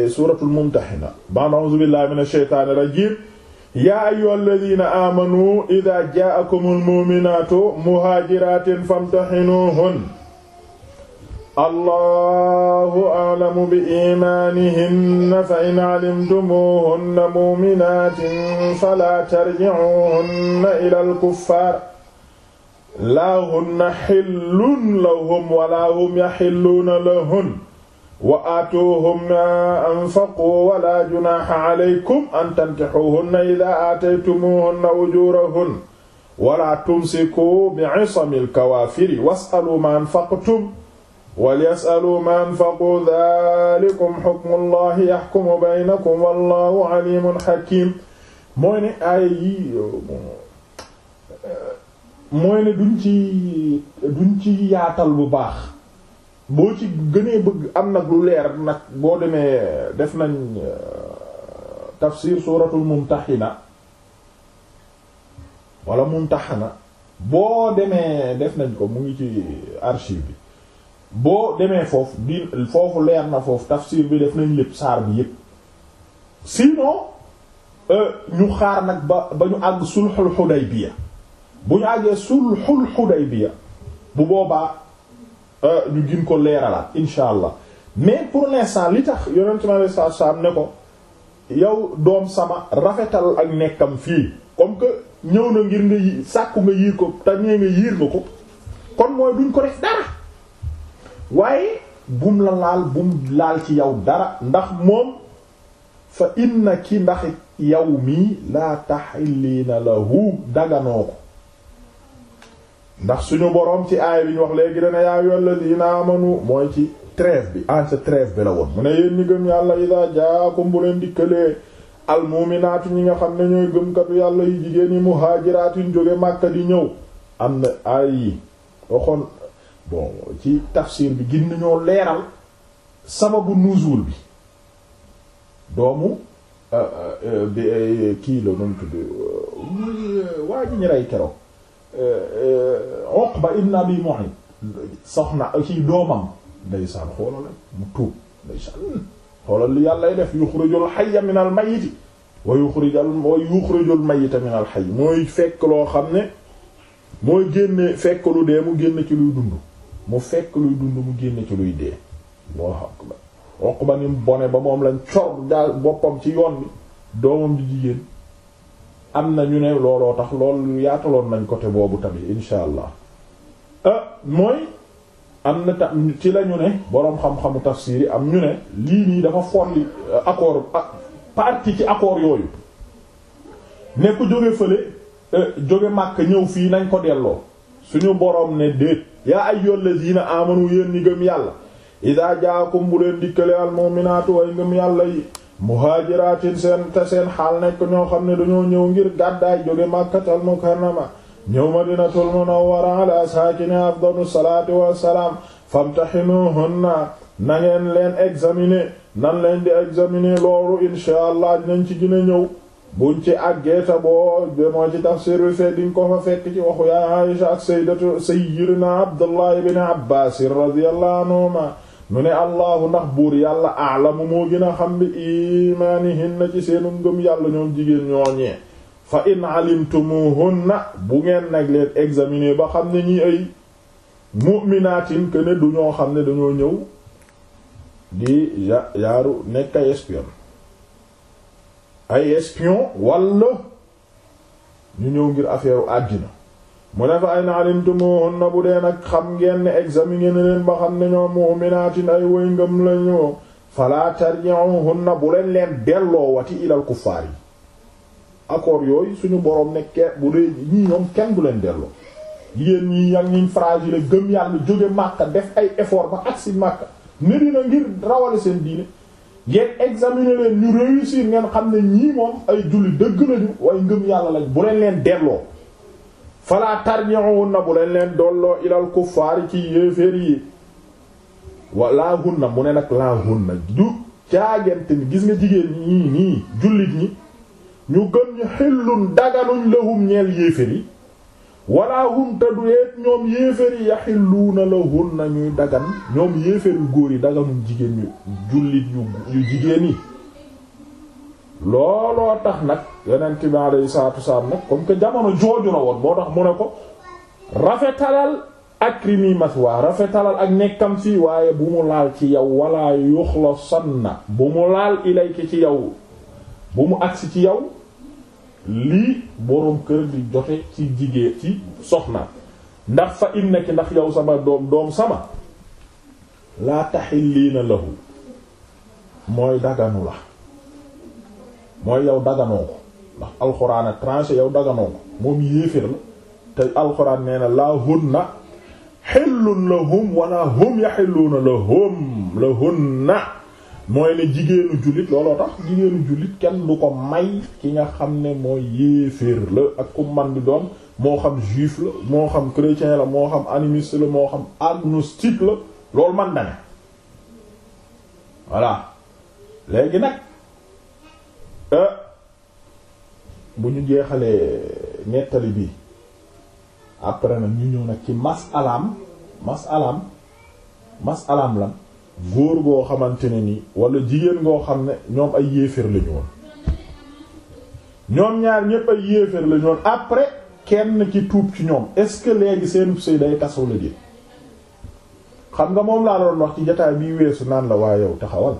suratul mumtaxina ban a'uuzu billahi minash shaytaanir rajiim yaa ayyuhal ladhiina aamanu idhaa jaa'akumul mu'minaatu muhaajiraatin famtahinuuhunna allahu a'lamu bi iimaanihinna fa in 'alimtumuuhunna mu'minaatin falaa tarji'uuhunna ilal kuffaar laa hunna xillun lahum wala hum yaxilluuna lahun wa aatuuhum maa anfaquu wala junaaxa aleykum an tankixuuhunna idaa aataytumuuhunna ujuurahun wala tumsikuu bicisami alkawaafiri wasaluu ma anfaqtum walyasaluu ma anfaquu dalikum xukmu allahi yaxkumu baynakum wallahu alimun xakim mooy ne aaya yi mooy ne duñ ci duñ ci yaatal bu baax boo ci gënee bëgg am nag lu leer nag boo demee def nañ euh, tafsir suratul mumtahina wala mumtahana boo demee def nañ ko mu ngi ci archive bi boo demee foofu di foofu leer na foofu tafsir bi def nañ lépp saar bi yépp sinon euh, ñu xaar nag ba ba ñu àgg sulhul Hudaybiya bu ñu àggee sulhul Hudaybiya bu boobaa euh, ñu gën ko leeralaat insha allah mais pour l'instant li tax yonent mi alayhi salaatu salaam ne ko yow doom sama rafetal ak nekkam fii comme que ñëw na ngir nga yi sàkku nga yiir ko te nee nga yiir nga ko kon mooy duñ ko def dara waaye bum la laal bum laal ci yow dara ndax moom fa inna ki ndax yow mii laa taxilliina lahu daganoo ko ndax suñu boroom ci aay bi ñu wax léegi dana yaa ayyuhalladhina amanu mooy ci trêve bi entre trêve bi la woon mu ne yéen ñi gëm yàlla idaa jaakum bu leen dikkalee almuminaatu ñi nga xam ne ñooy gëmkatu yàlla yi jigéen yi muhaajiraatin jóge Màkka di ñëw am na aay yi waxoon bon ci tafsir bi gin nañoo leeral sababu nuzuul bi doomu euh, euh, euh, kii la noonu tudd waa ji ñu rey keroog Euh, euh, Uqba ibn Abi Mu'ayt soxna ci doomam ndeysaan xoolal mu tuub ndeysaan xoolal li yàllay def yuxrijul hayya minal mayyiti wa yuxrijul wa yuxrijul mayyita minal hayy mooy fekk loo xam ne mooy génne fekk lu dee mu génn ci luy dund mu fekk luy dund mu génn ci luy dee moo xam Uqba ni bone ba moom lañ cor daal boppam ci yoon bi doomam di jigéen am na ñu ne looloo tax loolu yaataloon nañ côté boobu tamit insha allah ah mooy am na tam ci la ñu ne boroom xam-xamu tafsiir yi am ñu ne lii nii dafa folli euh, accord ah, partie ci accord yooyu ne ku jóge fële euh, jóge Makka ñëw fii nañ ko delloo suñu boroom ne déet yaa ayyul ladina amanu yéen ñi gëm yàlla idaa jaakum bu leen dikkale al mu'minaatu way ngëm yàlla yi muhaajiraatin seen te seen xaal nekk ñoo xam ne dañoo ñëw ngir gàddaay jóge màkkatal mukarrama ñëw madinatul munawwara ala saakini afdalu salaati wassalaam famtahinuhunna na ngeen leen examiner nan leen di examiner loolu insha allah dinañ ci gën ñëw buñ ci àggeeta boo demoo ci tafsir bi fee fa fekk waxu yaay Aisha ak sayyidatu sayyidina Abdullah ibn Abbaas radiyallahu nu ne allahu ndax buur yàlla aalamu moo gën a xam bi imaanihinna ci seenu ngëm yàlla ñoom jigéen ñoo ñooñee fa in alimtumuhunna bu ngeen nag leen examiner ba xam ne ñi ay mu'minaatin que ne du ñoo xam ne dañoo ñëw di ya yaaru nekk ay espion ay espion walla ñu ñëw ngir affaire àddina mu ne fa ay na alimtumuhunna bu dee nag xam ngeen ne examiner leen ba xam ne ñoom mu'minaatin ay woy ngëm lañu falaa tarji'uhunna bu leen leen delloowati ilal kuffaar yi accord yooyu suñu boroom nekkee bu dee ñii ñoom kenn bu leen delloo jigéen ñi yag ñiñ fragile gëm yàlla jóge Makka def ay effort ba agsi Makka Medina ngir rawale seen diine ngeen examiner leen ñu réussir ngeen xam ne ñii moom ay julli dëgg lañu waaye ngëm yàlla lañ bu leen leen delloo fala tarji'uhunna bu leen leen dolloo ilal kuffaari ci yéeféer yi wa laa hunna mu ne nag laa hunna du jaagante ni gis nga jigéen ñii nii jullit ñi ñu gën ñu xillun daganuñ lahum ñeel yéeféer yi walaa hunta du yeet ñoom yéeféer yi yaxilluuna lahunna ñuy dagan ñoom yéeféer yu góor yi daganuñ jigéen ñu yu jigéen yi looloo tax nag yonent bi alayhi salaatu wasalaam nag comme que jamono jooju na woon moo tax mu ne ko rafetalal akrimi maswa rafetalal ak nekkam fii waaye bu mu laal ci yow wala yuxlasanna bu mu laal ilayki ci yow bu mu agsi ci yow lii boroom kër di jote ci jigée ci soxna ndax fa innaki ndax yow sama doom doom sama laa taxilliina lahu mooy daganu la mooy yow daganoo ko ndax alxuraan a tranché yow daganoo ko moom yéefér la te alxuraan nee na laa hunna xillun lahum wala hum yaxilluuna lahum lahunna mooy ne jigéenu jullit looloo tax jigéenu jullit kenn du ko may ki nga xam ne mooy yéeféer la ak ku man di doon moo xam juif la moo xam chrétien la moo xam animiste la moo xam agnostique la loolu man dane voilà léegi nag bu ñu jeexalee nettali bi après nag ñu ñëw nag ci mas alam mas alam mas alam lan góor goo xamante ne ni wala jigéen goo xam ne ñoom ay yéeféer lañu woon ñoom ñaar ñépp ay yéeféer lañu woon après kenn ci tuub ci ñoom est-ce que léegi seenub sëy day tasaw ji xam nga moom laa doon wax ci jotaay bi weesu naan la waaye yow taxawal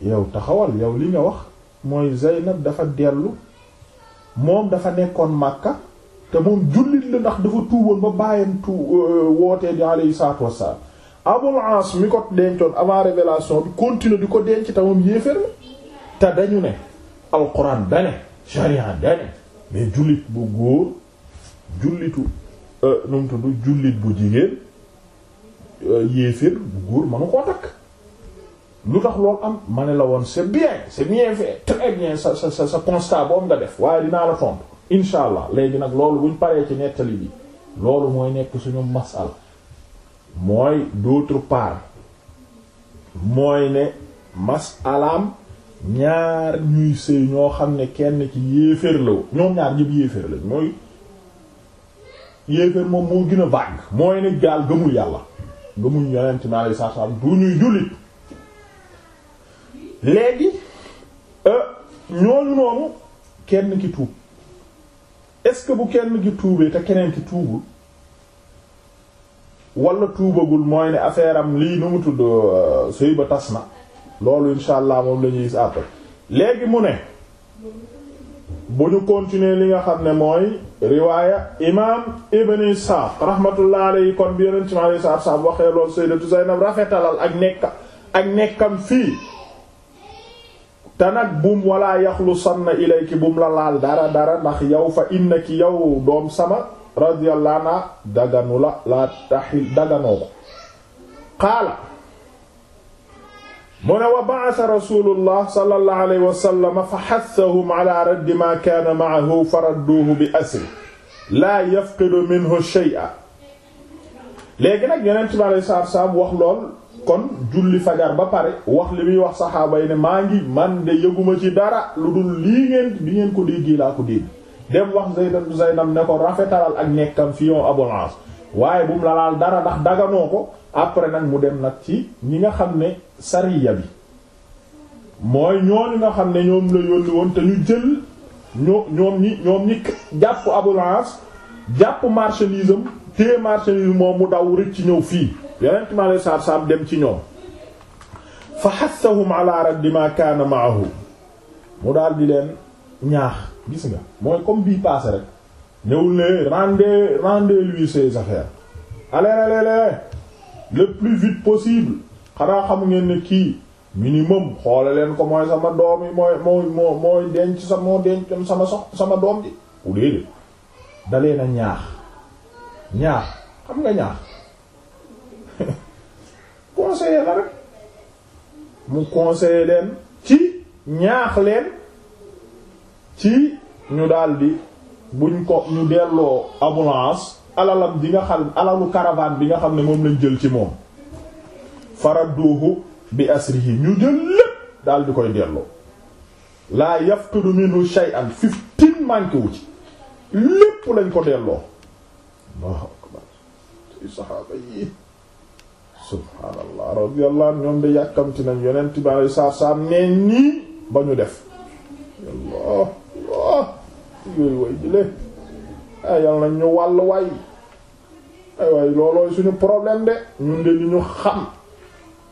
yow taxawal yow li nga wax mooy Zeynab dafa dellu moom dafa nekkoon Makka te moom jullit la ndax dafa tuuboon ba bàyyam tu euh, wootee di alayhi salaatu wassalaam Abul As mi ko dencoon avant révélation bi di ko denc te moom yéefér te dañu ne alquran dane sharia dane mais jullit bu góor jullitu euh, nu mu jullit bu jigéen euh, yéefér bu góor mënu koo takk lu tax loolu am ma ne la woon c'est bien c'est bien fait très bien sa sa sa constat boobu nga def waaye dinaa la tontu incha allah léegi nag loolu buñ paree ci nettali bi loolu mooy nekk suñu masal mooy d'autre part mooy ne masalaam ñaar ñuy sëy ñoo xam ne kenn ci yéeféer la ñoom ñaar ñëpp yéeféer lañ mooy yéeféer moom moo gën a vague mooy ne gaal gëmul yàlla gëmuñ yonent mi alayhi salaam du ñuy jullit léegi euh, ñooñu noonu kenn ki tuub est-ce que bu kenn ki tuubee te keneen ki tuubul wala tuubagul mooy ne affaire am lii nu mu tudd euh, sëy ba tas na loolu insha allah moom la ñuy léegi mu ne bu ñu continuer li nga xam ne mooy riwaaya imam ibn Isaaq rahmatullah alayhi kon bi yoneen ci ma alei satu salam waxee loolu sayyidatu Zaynab rafetalal ak nekk ak nekkam fii te nag bum wala yaxlu sanna ilayki bum la laal dara dara ndax yow fa innaki yow doom sama radiyallahu anha daganu la laa taxil daganoo ko qaala mu ne wa ba'atha rasulullah sallallahu alayhi wa sallam fa hassahum ala raddi ma kaana ma'ahu faradduuhu bi asri laa yafqidu minhu shay'a léegi nag yonent bi alayhi salaatu wa salaam wax lool kon julli fajar ba pare wax li muy wax saxaaba yi ne maa ngi man de yëguma ci dara lu dul lii ngeen li ngeen ko déggee laa ko dégg dem wax Zaydam Zaydam ne ko rafetalal ak nekkam fi yow abondance waaye bu mu la laal dara ndax daganoo ko après nag mu dem nag ci ñi nga xam ne sariya bi mooy ñooñu nga xam ne ñoom la yónni woon te ñu jël ñoo ñoom ñi ñoom ñi jàpp abondance jàpp marchandisme te marchandisme moom mu daw rëcc ñëw fii yonent mi alayhi salaatu salaam dem ci ñoom fa hassahum ala raddi ma kaana ma'ahu mu daal di leen ñaax gis nga mooy comme bii passé rek ñëwul ne rendez rendez lui ses affaires allez le plus vite possible xanaa xam ngeen ne kii minimum xoole leen ko mooy sama doom yi mooy mooy mooy denc sa moo sama sox sama doom ji bu déedéet dalee na ñaax ñaax xam nga ñaax conseiller la rek mu conseiller leen ci ñaax leen ci ñu daldi buñ ko ñu delloo ambulance alalam bi nga xam alalu caravane bi nga xam ne moom lañ jël ci moom faradduhu bi asrihi ñu jël lépp daldi koy delloo laa yafqidu minhu shay'an fifteen manqué ci lépp lañ ko delloo subhaanallah radiyallahu ñoom de yàkkamti nañ yonent bi alayhi salaam nee nii ba ñu def yàlla allah yooyu way jële ay nañ ñu wàll waay loolooy suñu problème de ñun de li ñu xam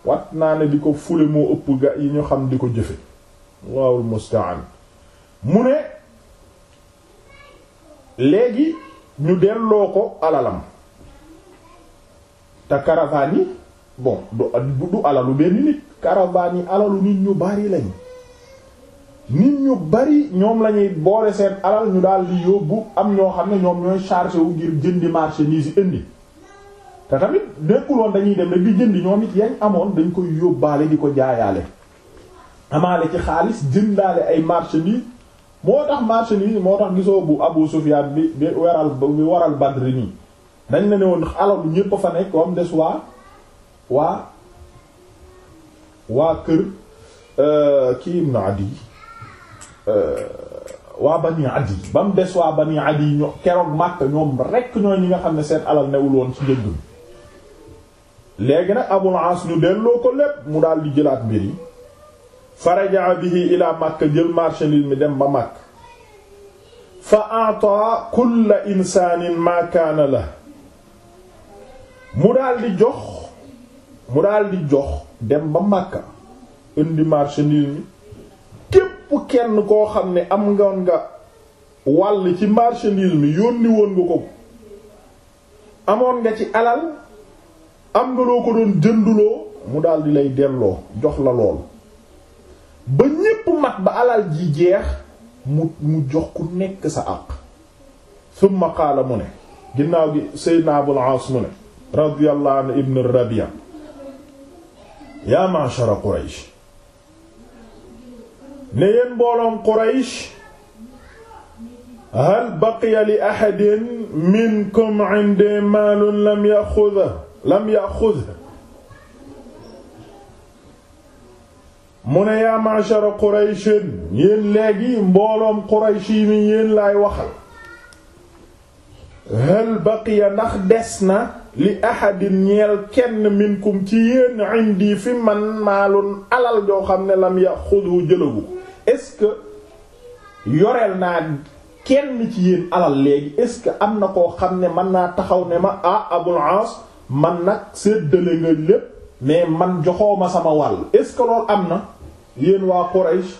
wat naa ne di ko fule moo ëpp ga yi ñu xam di ko jëfe wallahul musta'an mu ne léegi ñu delloo ko alalam te caravane yi bon du du alalu benn nit caravane yi alalu nit ñu bari lañ nit ñu bari ñoom lañuy boole seet alal ñu daal di yóbbu am ñoo xam ne ñoom ñooy chargé wu ngir jëndi marchandise yi indi te tamit nekkuloon dañuy dem rek di jëndi ñoom it yañ amoon dañ koy yóbbaale di ko jaayaale amaale ci xaalis jëndaale ay marchandise moo tax marchandise moo tax gisoo bu Abu Sufyan bi bi waral bi waral Badr nii dañ la ne woon alalu ñépp fa nekk comme des waa waa waa kër euh, kii ibn Adi euh, waa bani Adi ba mu des waa bani Adi ño keroog Makka ñoom rekk ñooy ñi nga xam ne seen alal newul woon ci njëgg mi léegi nag Abul As ñu delloo ko lépp mu daal di jëlaat mbir yi faraja bihi ila Makka jël marchandise mi dem ba Makka fa a'ta kulla insaanin ma kaana la mu daal jox mu daal jox dem ba Makka indi marchandise bi képp kenn koo xam ne am ngoon nga wàll ci marchandise mi yónni woon nga ko amoon nga ci alal am nga loo ko doon jënduloo mu daldi lay delloo jox la lool ba ñépp mat ba alal ji jeex mu mu jox ku nekk sa àq summa qaala mu ne ginnaaw gi Seydina Abul Aas mu ne radiyallahu anhu ibn yaa ma'shara Quraysh ne yéen mbooloom Quraysh hal baqiya li ahadin minkum 'indi maalun lam ya'khudha lam ya'khudha mu ne yaa ma'shara Quraysh yéen léegi mbooloom Quraysh yi mi yéen laay waxal hal baqiya ndax des na li ahadin ñeel kenn minkum ci yéen indi fi man maalun alal joo xam ne lam yaxudu jëlagu est-ce que yoreel naa kenn ci yéen alal léegi est-ce que am na koo xam ne mën naa taxaw ne ma ah Abul Aas man nag séddale nga lépp mais man joxoo ma sama wàll est-ce que am na yéen waa Quraysh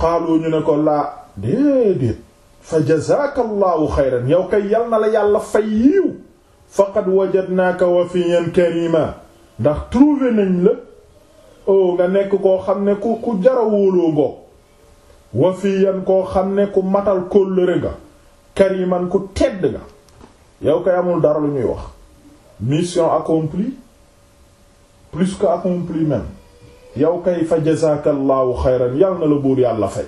xaaloo ñu ne ko laa déedéet fa jazaaka allahu xayran yow kay yal na la yàlla fay yiiw faqad wajadnaaka wafiyan karima ndax trouvé nañ la o oh, nga nekk koo xam ne ku ku jara wóoloo ngo yan koo xam ne ku matal kóllëre nga kariman ku tedd nga yow kay amul dara lu ñuy wax mission accomplie plus que accomplie même yow kay fa jazaaka allahu yal na la buur yàlla fay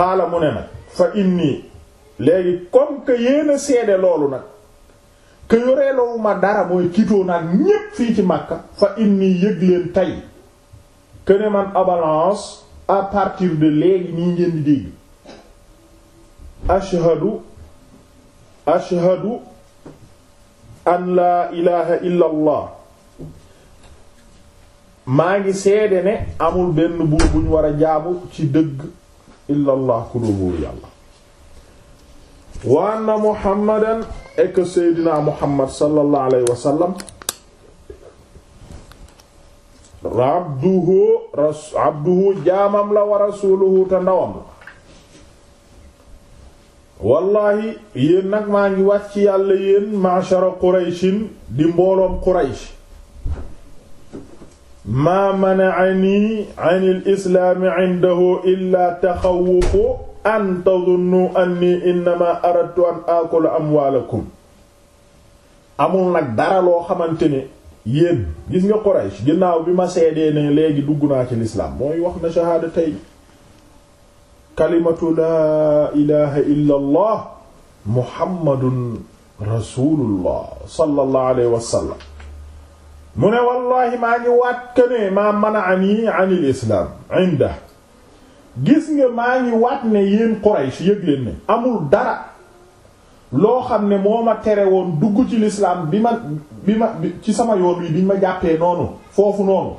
qaala mu ne nag fa inni léegi comme que yéen seede loolu nag que yoreelowu ma dara mooy kitoo naag ñépp fii ci Makka fa inni yëg leen tey que ne man abalance à partir de léegi nii ngeen di dégg ashhadu ashhadu an laa ilaha illa maa ngi seede ne amul benn buur buñ war a jaamu ci dëgg illa allah ku dul buur muhammadan et seydina muhammad sallallahu alayhi wa sallam jaamam la wa rasuluhu te ndawam la wallahi yéen maa ngi wàcc yàlla yéen ma'shara qurayshin di mbooloom quraysh maa mana'anii anil islaami indahu illaa taxawufu an tadunnu anni innama aradtu an akula amwaalakum amul nag dara loo xamante ne yéen gis nga Quraysh ginnaaw bi ma seedee ne léegi dugg naa ci lislaam mooy wax na shahaada tey kalimatu laa ilaha illa allah muhammadun rasulullah sallallahu alayhi wa sallam mu ne wallahi maa ngi waat ne maa mana ani anil islaam inda gis nga maa ngi waat ne yéen Quraysh yëg leen ne amul dara loo xam ne moo ma tere woon dugg ci lislaam bi ma ci sama yoon wi bi ma jàppee noonu foofu noonu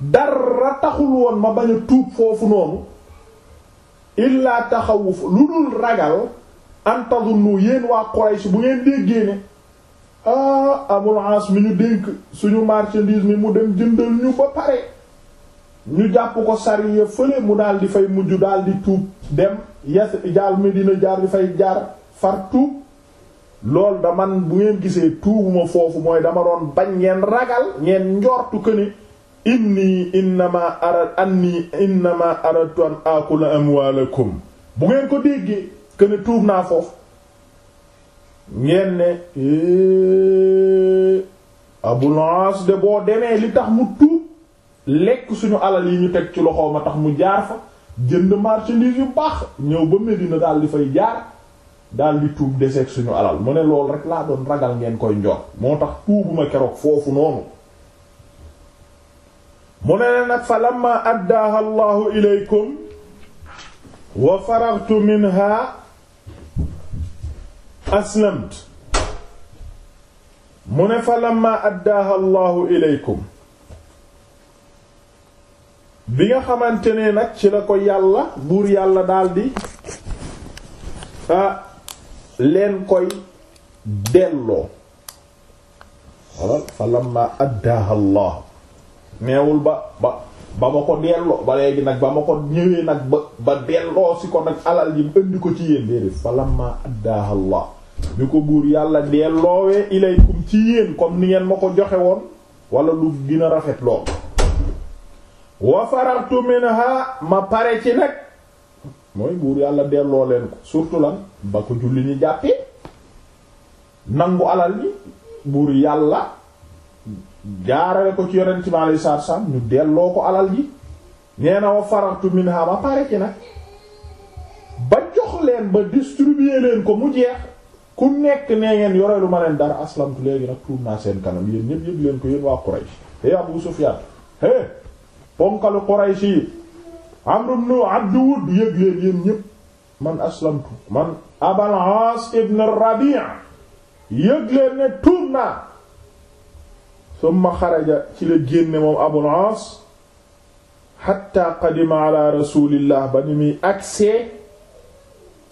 dara taxul woon ma bañ a tuub foofu noonu illaa taxawu lu dul ragal nu yéen waa Quraysh bu ngeen déggee ne ah Abul As mi ñu dénk suñu marchandise mi mu dem jëndal ñu ba pare ñu jàpp ko sariya fële mu daal di fay mujj daal di tuub dem yas jaar Medina jaar di fay jaar far tuub loolu da man bu ngeen gisee tuubuma foofu mooy dama doon bañ ngeen ragal ngeen njortu këni inni innama arad anni innama aradtu an akula amwalakum bu ngeen ko déggee këni tuub naa foofu ngeen ne eh, Abul de boo demee li tax mu tuub lekk suñu alal yi ñu teg ci loxooma tax mu jaar fa jënd marchandise yu baax ñëw ba Medina daal di fay jaar daal di tuub deseeg suñu alal mu ne loolu rek laa doon ragal ngeen koy njor moo tax tuubuma keroog foofu noonu mu ne ne nag fa lamma addaaha ilaykum wa faragtu minha aslamt mu ne fa lamma addaaha ilaykum bi nga xamante ne nag ci la ko yàlla buur yàlla daldi ah leen koy delloo fa lamma addaaha neewul ba ba ba ma ko delloo ba léegi nag ba ma ko ñëwee nag ba ba ko nag alal yi indi ko ci yéen déedéet fa lamma addaaha bi ko buur yàlla delloowee ilaykum ci yéen comme ni ngeen ma ko joxe woon wala lu gën a rafet lool wa farartu minha ma pare ci nag mooy buur yàlla delloo leen ko surtout lan ba ko julli ñu jàppee nangu alal ji buur yàlla jaarale ko ci yonent bi alayhi salaatu ñu delloo ko alal ji nee na wa farartu minha ma pare ci nag ba jox leen ba distribuer leen ko mu jeex ku nekk nee ngeen yore lu ma leen dara aslamtu léegi nag tuub naa seen kanam yéen ñëpp yëg leen ko yéen waa Quraysh hey Abu Sufyan hey ponkalu Quraysh yi Amr ibn Abd Wudd yëg leen man aslamtu man Abul Aas ibn Rabi' yëg ne tuub naa summa xaraja ci la génne moom Abul Aas hatta qadima ala rasulillah ba ni muy agsee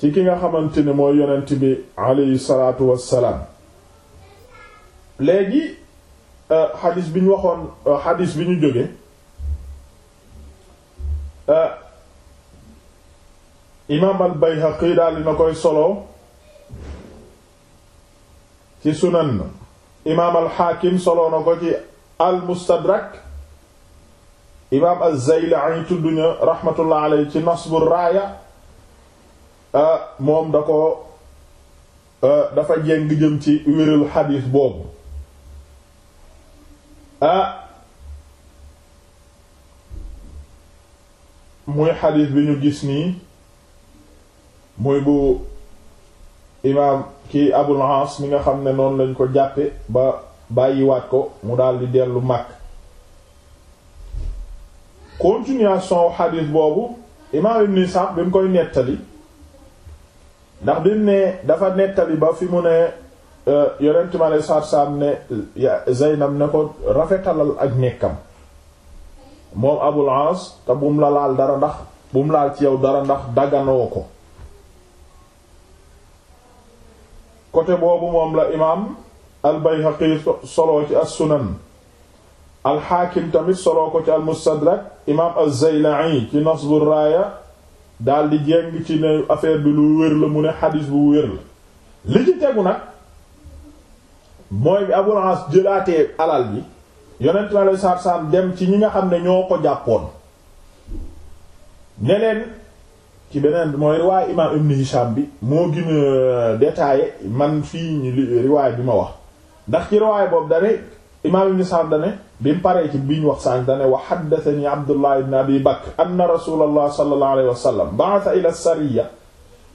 ci ki nga xamante ne mooy yonent bi aleyhi salaatu wassalaam léegi euh, xadis bi ñu waxoon euh, xadis bi ñu jóge euh, imaam al Bayhaqi daal dina koy solo ci sunan imaam al Xaakim solo na ko ci al Mustadrak imaam az-Zayla'i tudd na raxmatullah aleyhi ci Nasbur Raaya Ah, moom da ko ah, dafa jeng jëm ci wéral xadiis boobu ah muy xadiis bi ñu gis nii muy bu imaam ki Abul Aas mi nga xam ne noonu lañ ko jàppe ba bàyyiwaat ko mu di dellu mag continuation xadiis boobu imaam Ibn Sa'd bi mu koy nettali ndax din dafa nettali ba fi mu ne euh, yonent mi alei saatu salaam ne ko rafetalal ak nekkam moom Abul Aas te bum la laal dara ndax bum laal ci yow dara ndax daganoo ko côté boobu moom la imaam al-Bayhaqi soloo ci as-Sunan al-Hakim tamit soloo ko ci al-Mustadrak imaam az-Zayla'i ci Nasb ar-Raaya dal di jeng ci ne affaire bi lu wér la mu ne xadis bu wér la li ci tegu nag mooy bi Abul As jëlaatee alal bi yonent na lay saar-saam dem ci ñi nga xam ne ñoo ko jàppoon ne ci beneen mooy riwaay imaam Ibn Hisham bi moo gën a man fii ñu riwaay bi ma wax ndax ci riwaay boobu dane imaam ibn Sa'd dane bi mu paree ci bi ñu wax sànq dane wa haddathani Abdullah ibn Abi Bakr anna Rasulullah sallallahu alayhi wa sallam ba'atha ila as-sariyya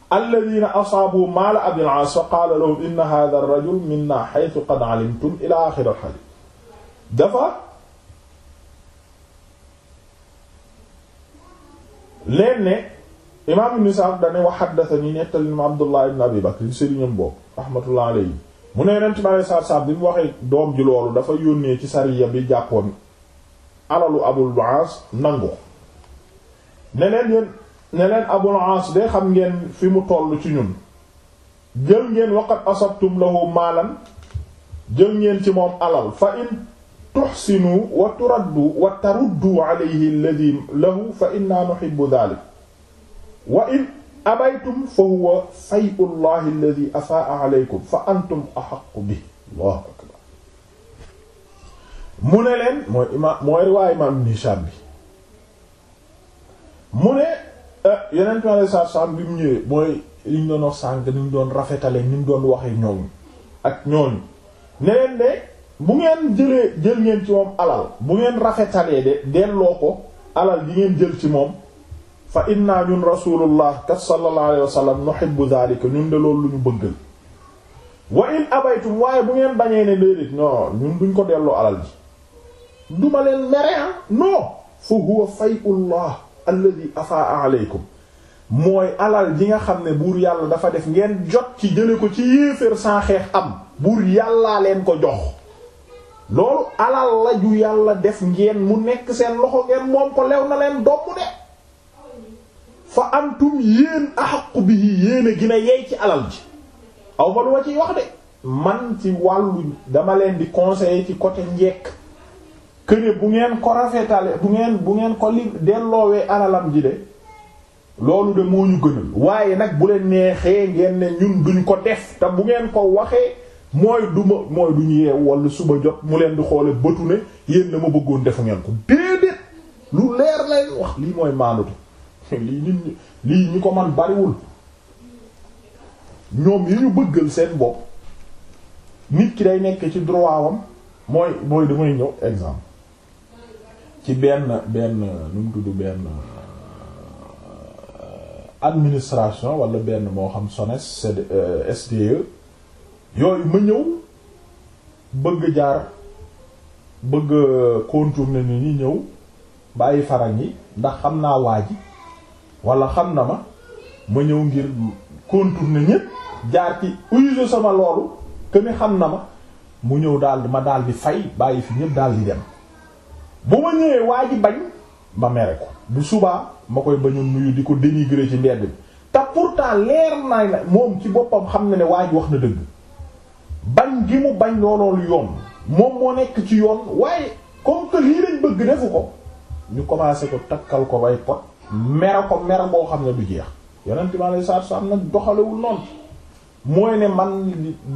alladhina asaabu maala Abi al-Aas fa qaala lahum inna hadha ar-rajul minna haythu qad alimtum ila akhir al-hadith dafa leen ne imaam ibn Sa'd dane wa haddathani nettali ma Abdullah ibn Abi Bakr sëriñam boobu rahmatullah alayhi mu ne yonent bi alei satu bi mu waxee doom ji loolu dafa yónnee ci sariya bi jàppoon alalu Abul Aas nangu ne leen yéen ne leen Abul Aas de xam ngeen fi mu toll ci ñun jël ngeen waqat asabtum lahu maalan jël ngeen ci moom alal fa in tuhsinu wa turaddu wa taruddu alayhi alladhi lahu fa inna nuhibbu dhalik wa in abaytum fa huwa sayullahi alladhi afaa alaykum fa antum ahaqqu ne leen mooy imaam mooy mu ne eh, yeneen mi bi mu ñëwee mooy li doon wax sànk doon rafetale ni mu doon waxe ñooñu ak ñooñu ne leen de bu ngeen ci moom alal bu ngeen rafetalee de delloo ko alal yi ngeen jël ci moom fa inna ñun rasulullah kat sallallahu alayhi wa sallam nuhibbu ñun de loolu lu ñu bëggal wa in abaytum waaye bu ngeen bañee ne déedéet non ñun duñ ko delloo alal ji duma leen mere ah non fa huwa fayullah alladhi alal ji nga xam ne buur yàlla dafa def ngeen jot ci jële ko ci yéeféer sans am buur yàllaa leen ko jox loolu alal la ju yàlla def ngeen mu nekk seen loxo ngeen moom ko lew na leen dopp de fa antum yéen axaqu bi yéen a gën a yey ci alal ji aw ma duma ciy wax de man ci wàllu dama leen di conseiller ci côté njekk këne bu ngeen ko rafetale bu ngeen bu ngeen ko li delloowee alalam ji de loolu de moo ñu gënal waaye nag bu leen neexee ngeen ne ñun duñ ko def te bu ngeen ko waxee mooy du ma mooy du ñu yeew wala suba jot mu leen di xoole bëtu ne yéen ma bëggoon defu ngeen ko déedéet lu leer lay wax lii mooy maandutu lii nit ñi lii ñi ko man bariwul ñoom yi ñu bëggal seen bopp nit ki day nekk ci droit wam mooy mooy damay ñëw exemple ci benn benn nu mu benn euh, administration wala benn moo xam SONES euh, SDE yooyu ma ñëw bëgg jaar bëgg contourner ni ñëw bàyyi faran yi ndax xam naa waa ji wala xam na ma ma ñëw ngir contourner ñépp jaar ci user sama loolu que ni xam na ma mu ñëw daal ma daal di fay bàyyi fi ñépp daal di dem bu ma ñëwee waa ji bañ ma mere ko bu subaa ma koy bañoon nuyu di ko dénigrer ci mbedd bi te pourtant leer naa ne moom ci boppam xam na ne waa ji wax na dëgg bañ gi mu bañ looloolu yoon moom moo nekk ci yoon waaye comme que lii lañ bëgg defu ko ñu commencé ko takkal ko bay pot mer ko mer boo xam ne du jeex yonent bi alayhi salaatu salaam nag doxalewul noonu mooy ne man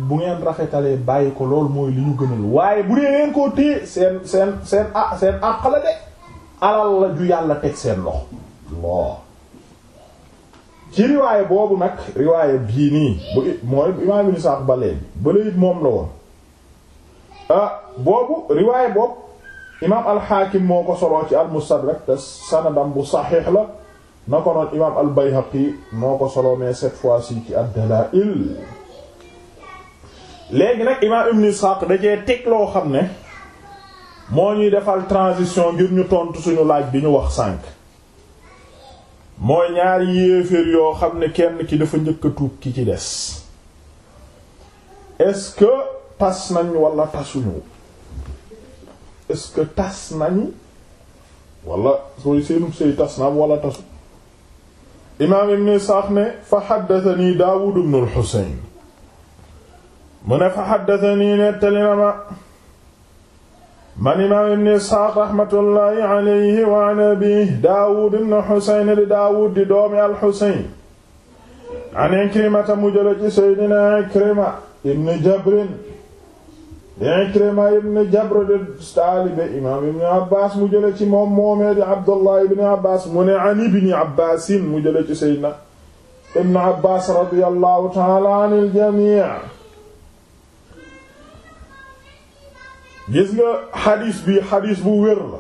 bu ngeen rafetalee bàyyi ko loolu mooy li ñu gënal waaye bu dee leen koo téye seen seen seen a ah, seen àq la de alal la ju yàlla teg seen loxo waaw ci riwaaye boobu nag riwaaye bii nii bu it mooy imaam ibn Sa'd ba léegi ba léegi moom la woon ah, boobu riwaaye boobu imaam alxaakim moo ko soloo ci almustadrak te sanadam bu saxiix la na ko noon imaam albayhaqi moo ko soloo mais cette fois-ci ci ad-dalaa'il léegi nag imaam ibn isxaaq da cee teg loo xam ne moo ñuy defal transition ngir ñu tontu suñu laaj bi ñu wax sànq mooy ñaari yéeféer yoo xam ne kenn ki dafa njëkk a tuub ki ci des est-ce que tas nañ walla tasuñu est-ce que tas imaam ibn Isxaaq ne fa xaddatani wa an abiihi Daawud ibn Husayn di Daawud di doomi al-Husayn an Ikrimata mu jële ci Seydina ibn Jabrin Ikrima ibn Jabr de taalibe imaam ibn Abbaas mu jële ci moom moomee di Abdullah ibn Abbaas mu ne an ibn Abbaasin mu jële ci Seydina ibn Abbaas radiyallahu ta'ala anil gis nga xadiis bi xadiis bu wér la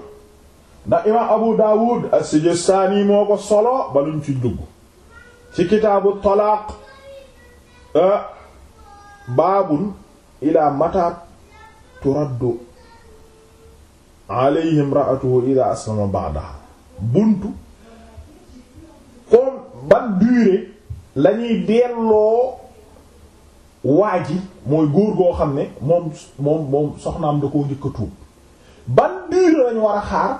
ndax imaam Abu Daawud as-Sijistaani moo ko solo ba luñ ci dugg ci kitaabu talaaq eh, baabun ilaa mataat turaddu alayhi imra'atuhu idha aslama ba'daha buntu comme ban durée la delloo waa mooy góor goo xam ne moom moom soxnaam da koo njëkk tuub ban durée lañu war a xaar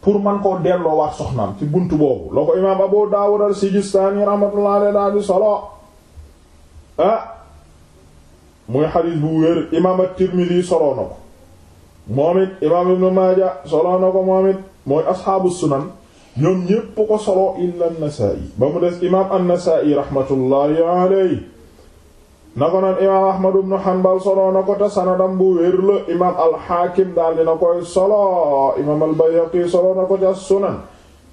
pour man koo delloo waat soxnaam ci bunt boobu la ko imaam Abu Dawud al-Sijistani rahmatullahi alayhi solo ah, muy xadis bu wér imaam at-Tirmidhi soloo na ko moom it imaam Ibn Maaja soloo na ko moom mooy asxaabu sunan ñoom ñépp ko soloo illa an ba mu des imaam an rahmatullahi alayhi na ko noon imaam Ahmad ibn Hanbal soloo na ko te sanadam bu wér la imaam al-Haakim daal koy soloo imaam al-Bayhaqi na ko ci sunan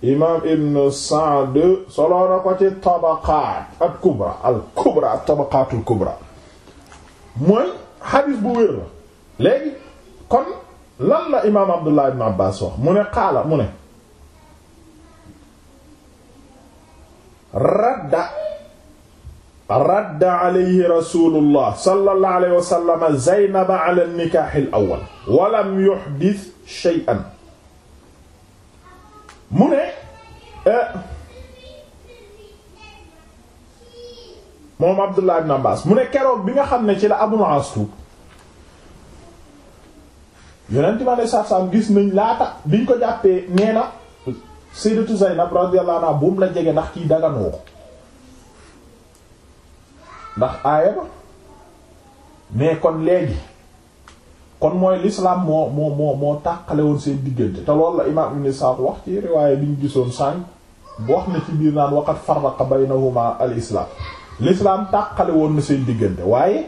imaam Ibn Sa'd soloo na ko ci tabaqaat al-kubra al mooy xadis bu wér la léegi kon lan la imaam abdullah ibn abbas wax mu ne xaala mu ne radda radda alayhi rasulullah sallallahu alayhi wa sallam zaynaba ala nikaax al awal walam yuhdith shay'an mu ne eh, moom Abdullah ibn Abbas mu ne keroog bi nga xam ne ci la Abul As tuub yonent bi alei satu salaam gis nañ laata biñ ko jàppee nee na Sayyidatu Zaynab radiyallahu anha bu la jege ndax kii daganoo ndax aaya mais kon léegi kon mooy l'islam moo moo moo moo tàqale woon seen diggante te loolu la imam ibn wax ci riwaaye bi ñu gisoon sànq bu wax na ci biir naan waqat farraqa baynahuma al islam l'islam tàqale woon na seen diggante waaye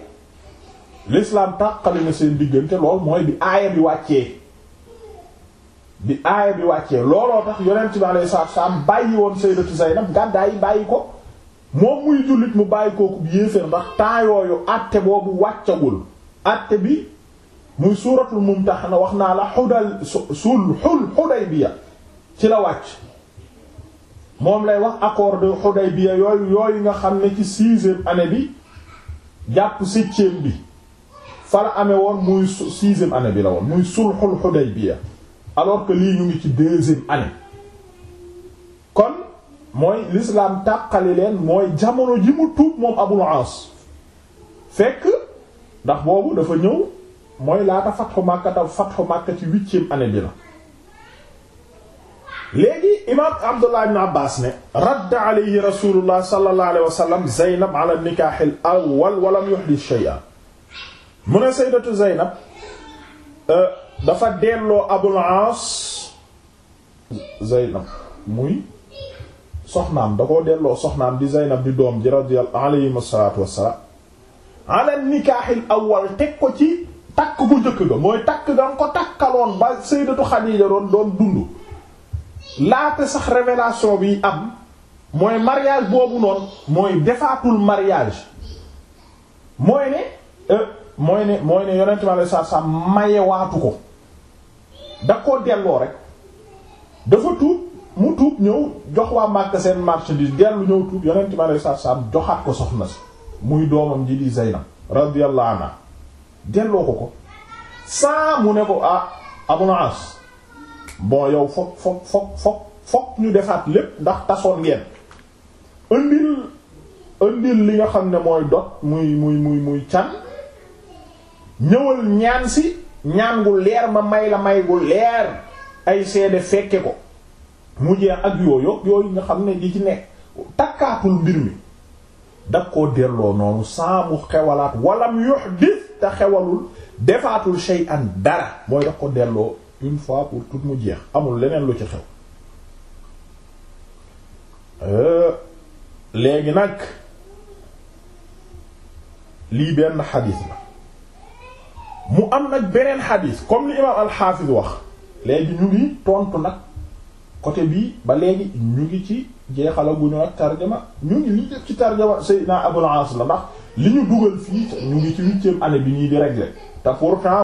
l'islam tàqale na seen diggante lool mooy bi aaya bi wàccee bi aaya bi wàccee looloo tax yonent bi alayhi bàyyi woon sayyidatu Zaynab gàddaay bàyyi ko moom muy jullit mu bàyyi kooku bi yéeféer ndax temps àtte boobu wàccagul àtte bi muy suuratul mumtahana wax naa la xudal sul xul Hudaybiya ci la wàcc moom lay wax accord de Hudaybiya yooyu yooyu nga xam ne ci sixième année bi jàpp septième bi fa la amee woon muy sixième année bi la woon muy sulhul Hudaybiya alors que lii ñu ngi ci deuxième année kon mooy lislaam tàqali leen mooy jamono ji mu tuub moom Abul Aas fekk ndax boobu dafa ñëw mooy laata fatxu Makka ta fatxu Makka ci huitième année bi la léegi imaam Abdullah ibn Abbas ne radda alayhi rasulullah sallallahu alayhi wa Zeynab ala nikaax al awwal wa lam yuhdith mu ne sayyidatu Zeynab euh, dafa delloo Abul Aas Zeynab muy soxnaam da koo delloo soxnaam di Zeynab di doom ji radiyallahu alayhi salaatu wassalaam ala nikaax al teg ko ci takk bu njëkk ga mooy takk ga nga ko takkaloon ba sayyidatu Xadiija doon doon laata sax révélation bi am mooy mariage boobu noonu mooy defaatul mariage mooy ne euh, mooy ne mooy ne yonent bi alayhi salaatu salaam mayewaatu ko da koo delloo rek dafa tuub mu tuub ñëw jox waa Màkka seen marchandise dellu ñëw tuub yonent bi alayhi salaatu salaam joxaat ko soxna si muy doomam ji di Zaynab radiyallahu anha delloo ko ko saa mu ne ko ah Abul As bon yow fokk fokk fokk fokk fokk ñu defaat lépp ndax tasoon ngeen indil indil li nga xam ne mooy dot muy muy muy muy can ñëwal ñaan si ñaan gu leer ma may la may gu leer ay seede fekke ko mu jeex ak yooyu yooyu nga xam ne di ci nekk takkaatul mbir mi dag koo delloo noonu saa mu xewalaat walam yuhdith te xewalul defaatul shay'an dara mooy da ko delloo une fois pour tout mu jeex amul leneen lu ci xew euh, léegi nag lii benn xadis la mu am nag beneen xadis comme li imaam alxaafis wax léegi ñu ngi tontu nag côté bii ba léegi ñu ngi ci jeexala gu ñu nag tarjama ñu ngi li def ci tarjama Seydina Abul la ndax li ñu dugal fii ñu ngi ci huitième année bi ñuy di régler te pourtant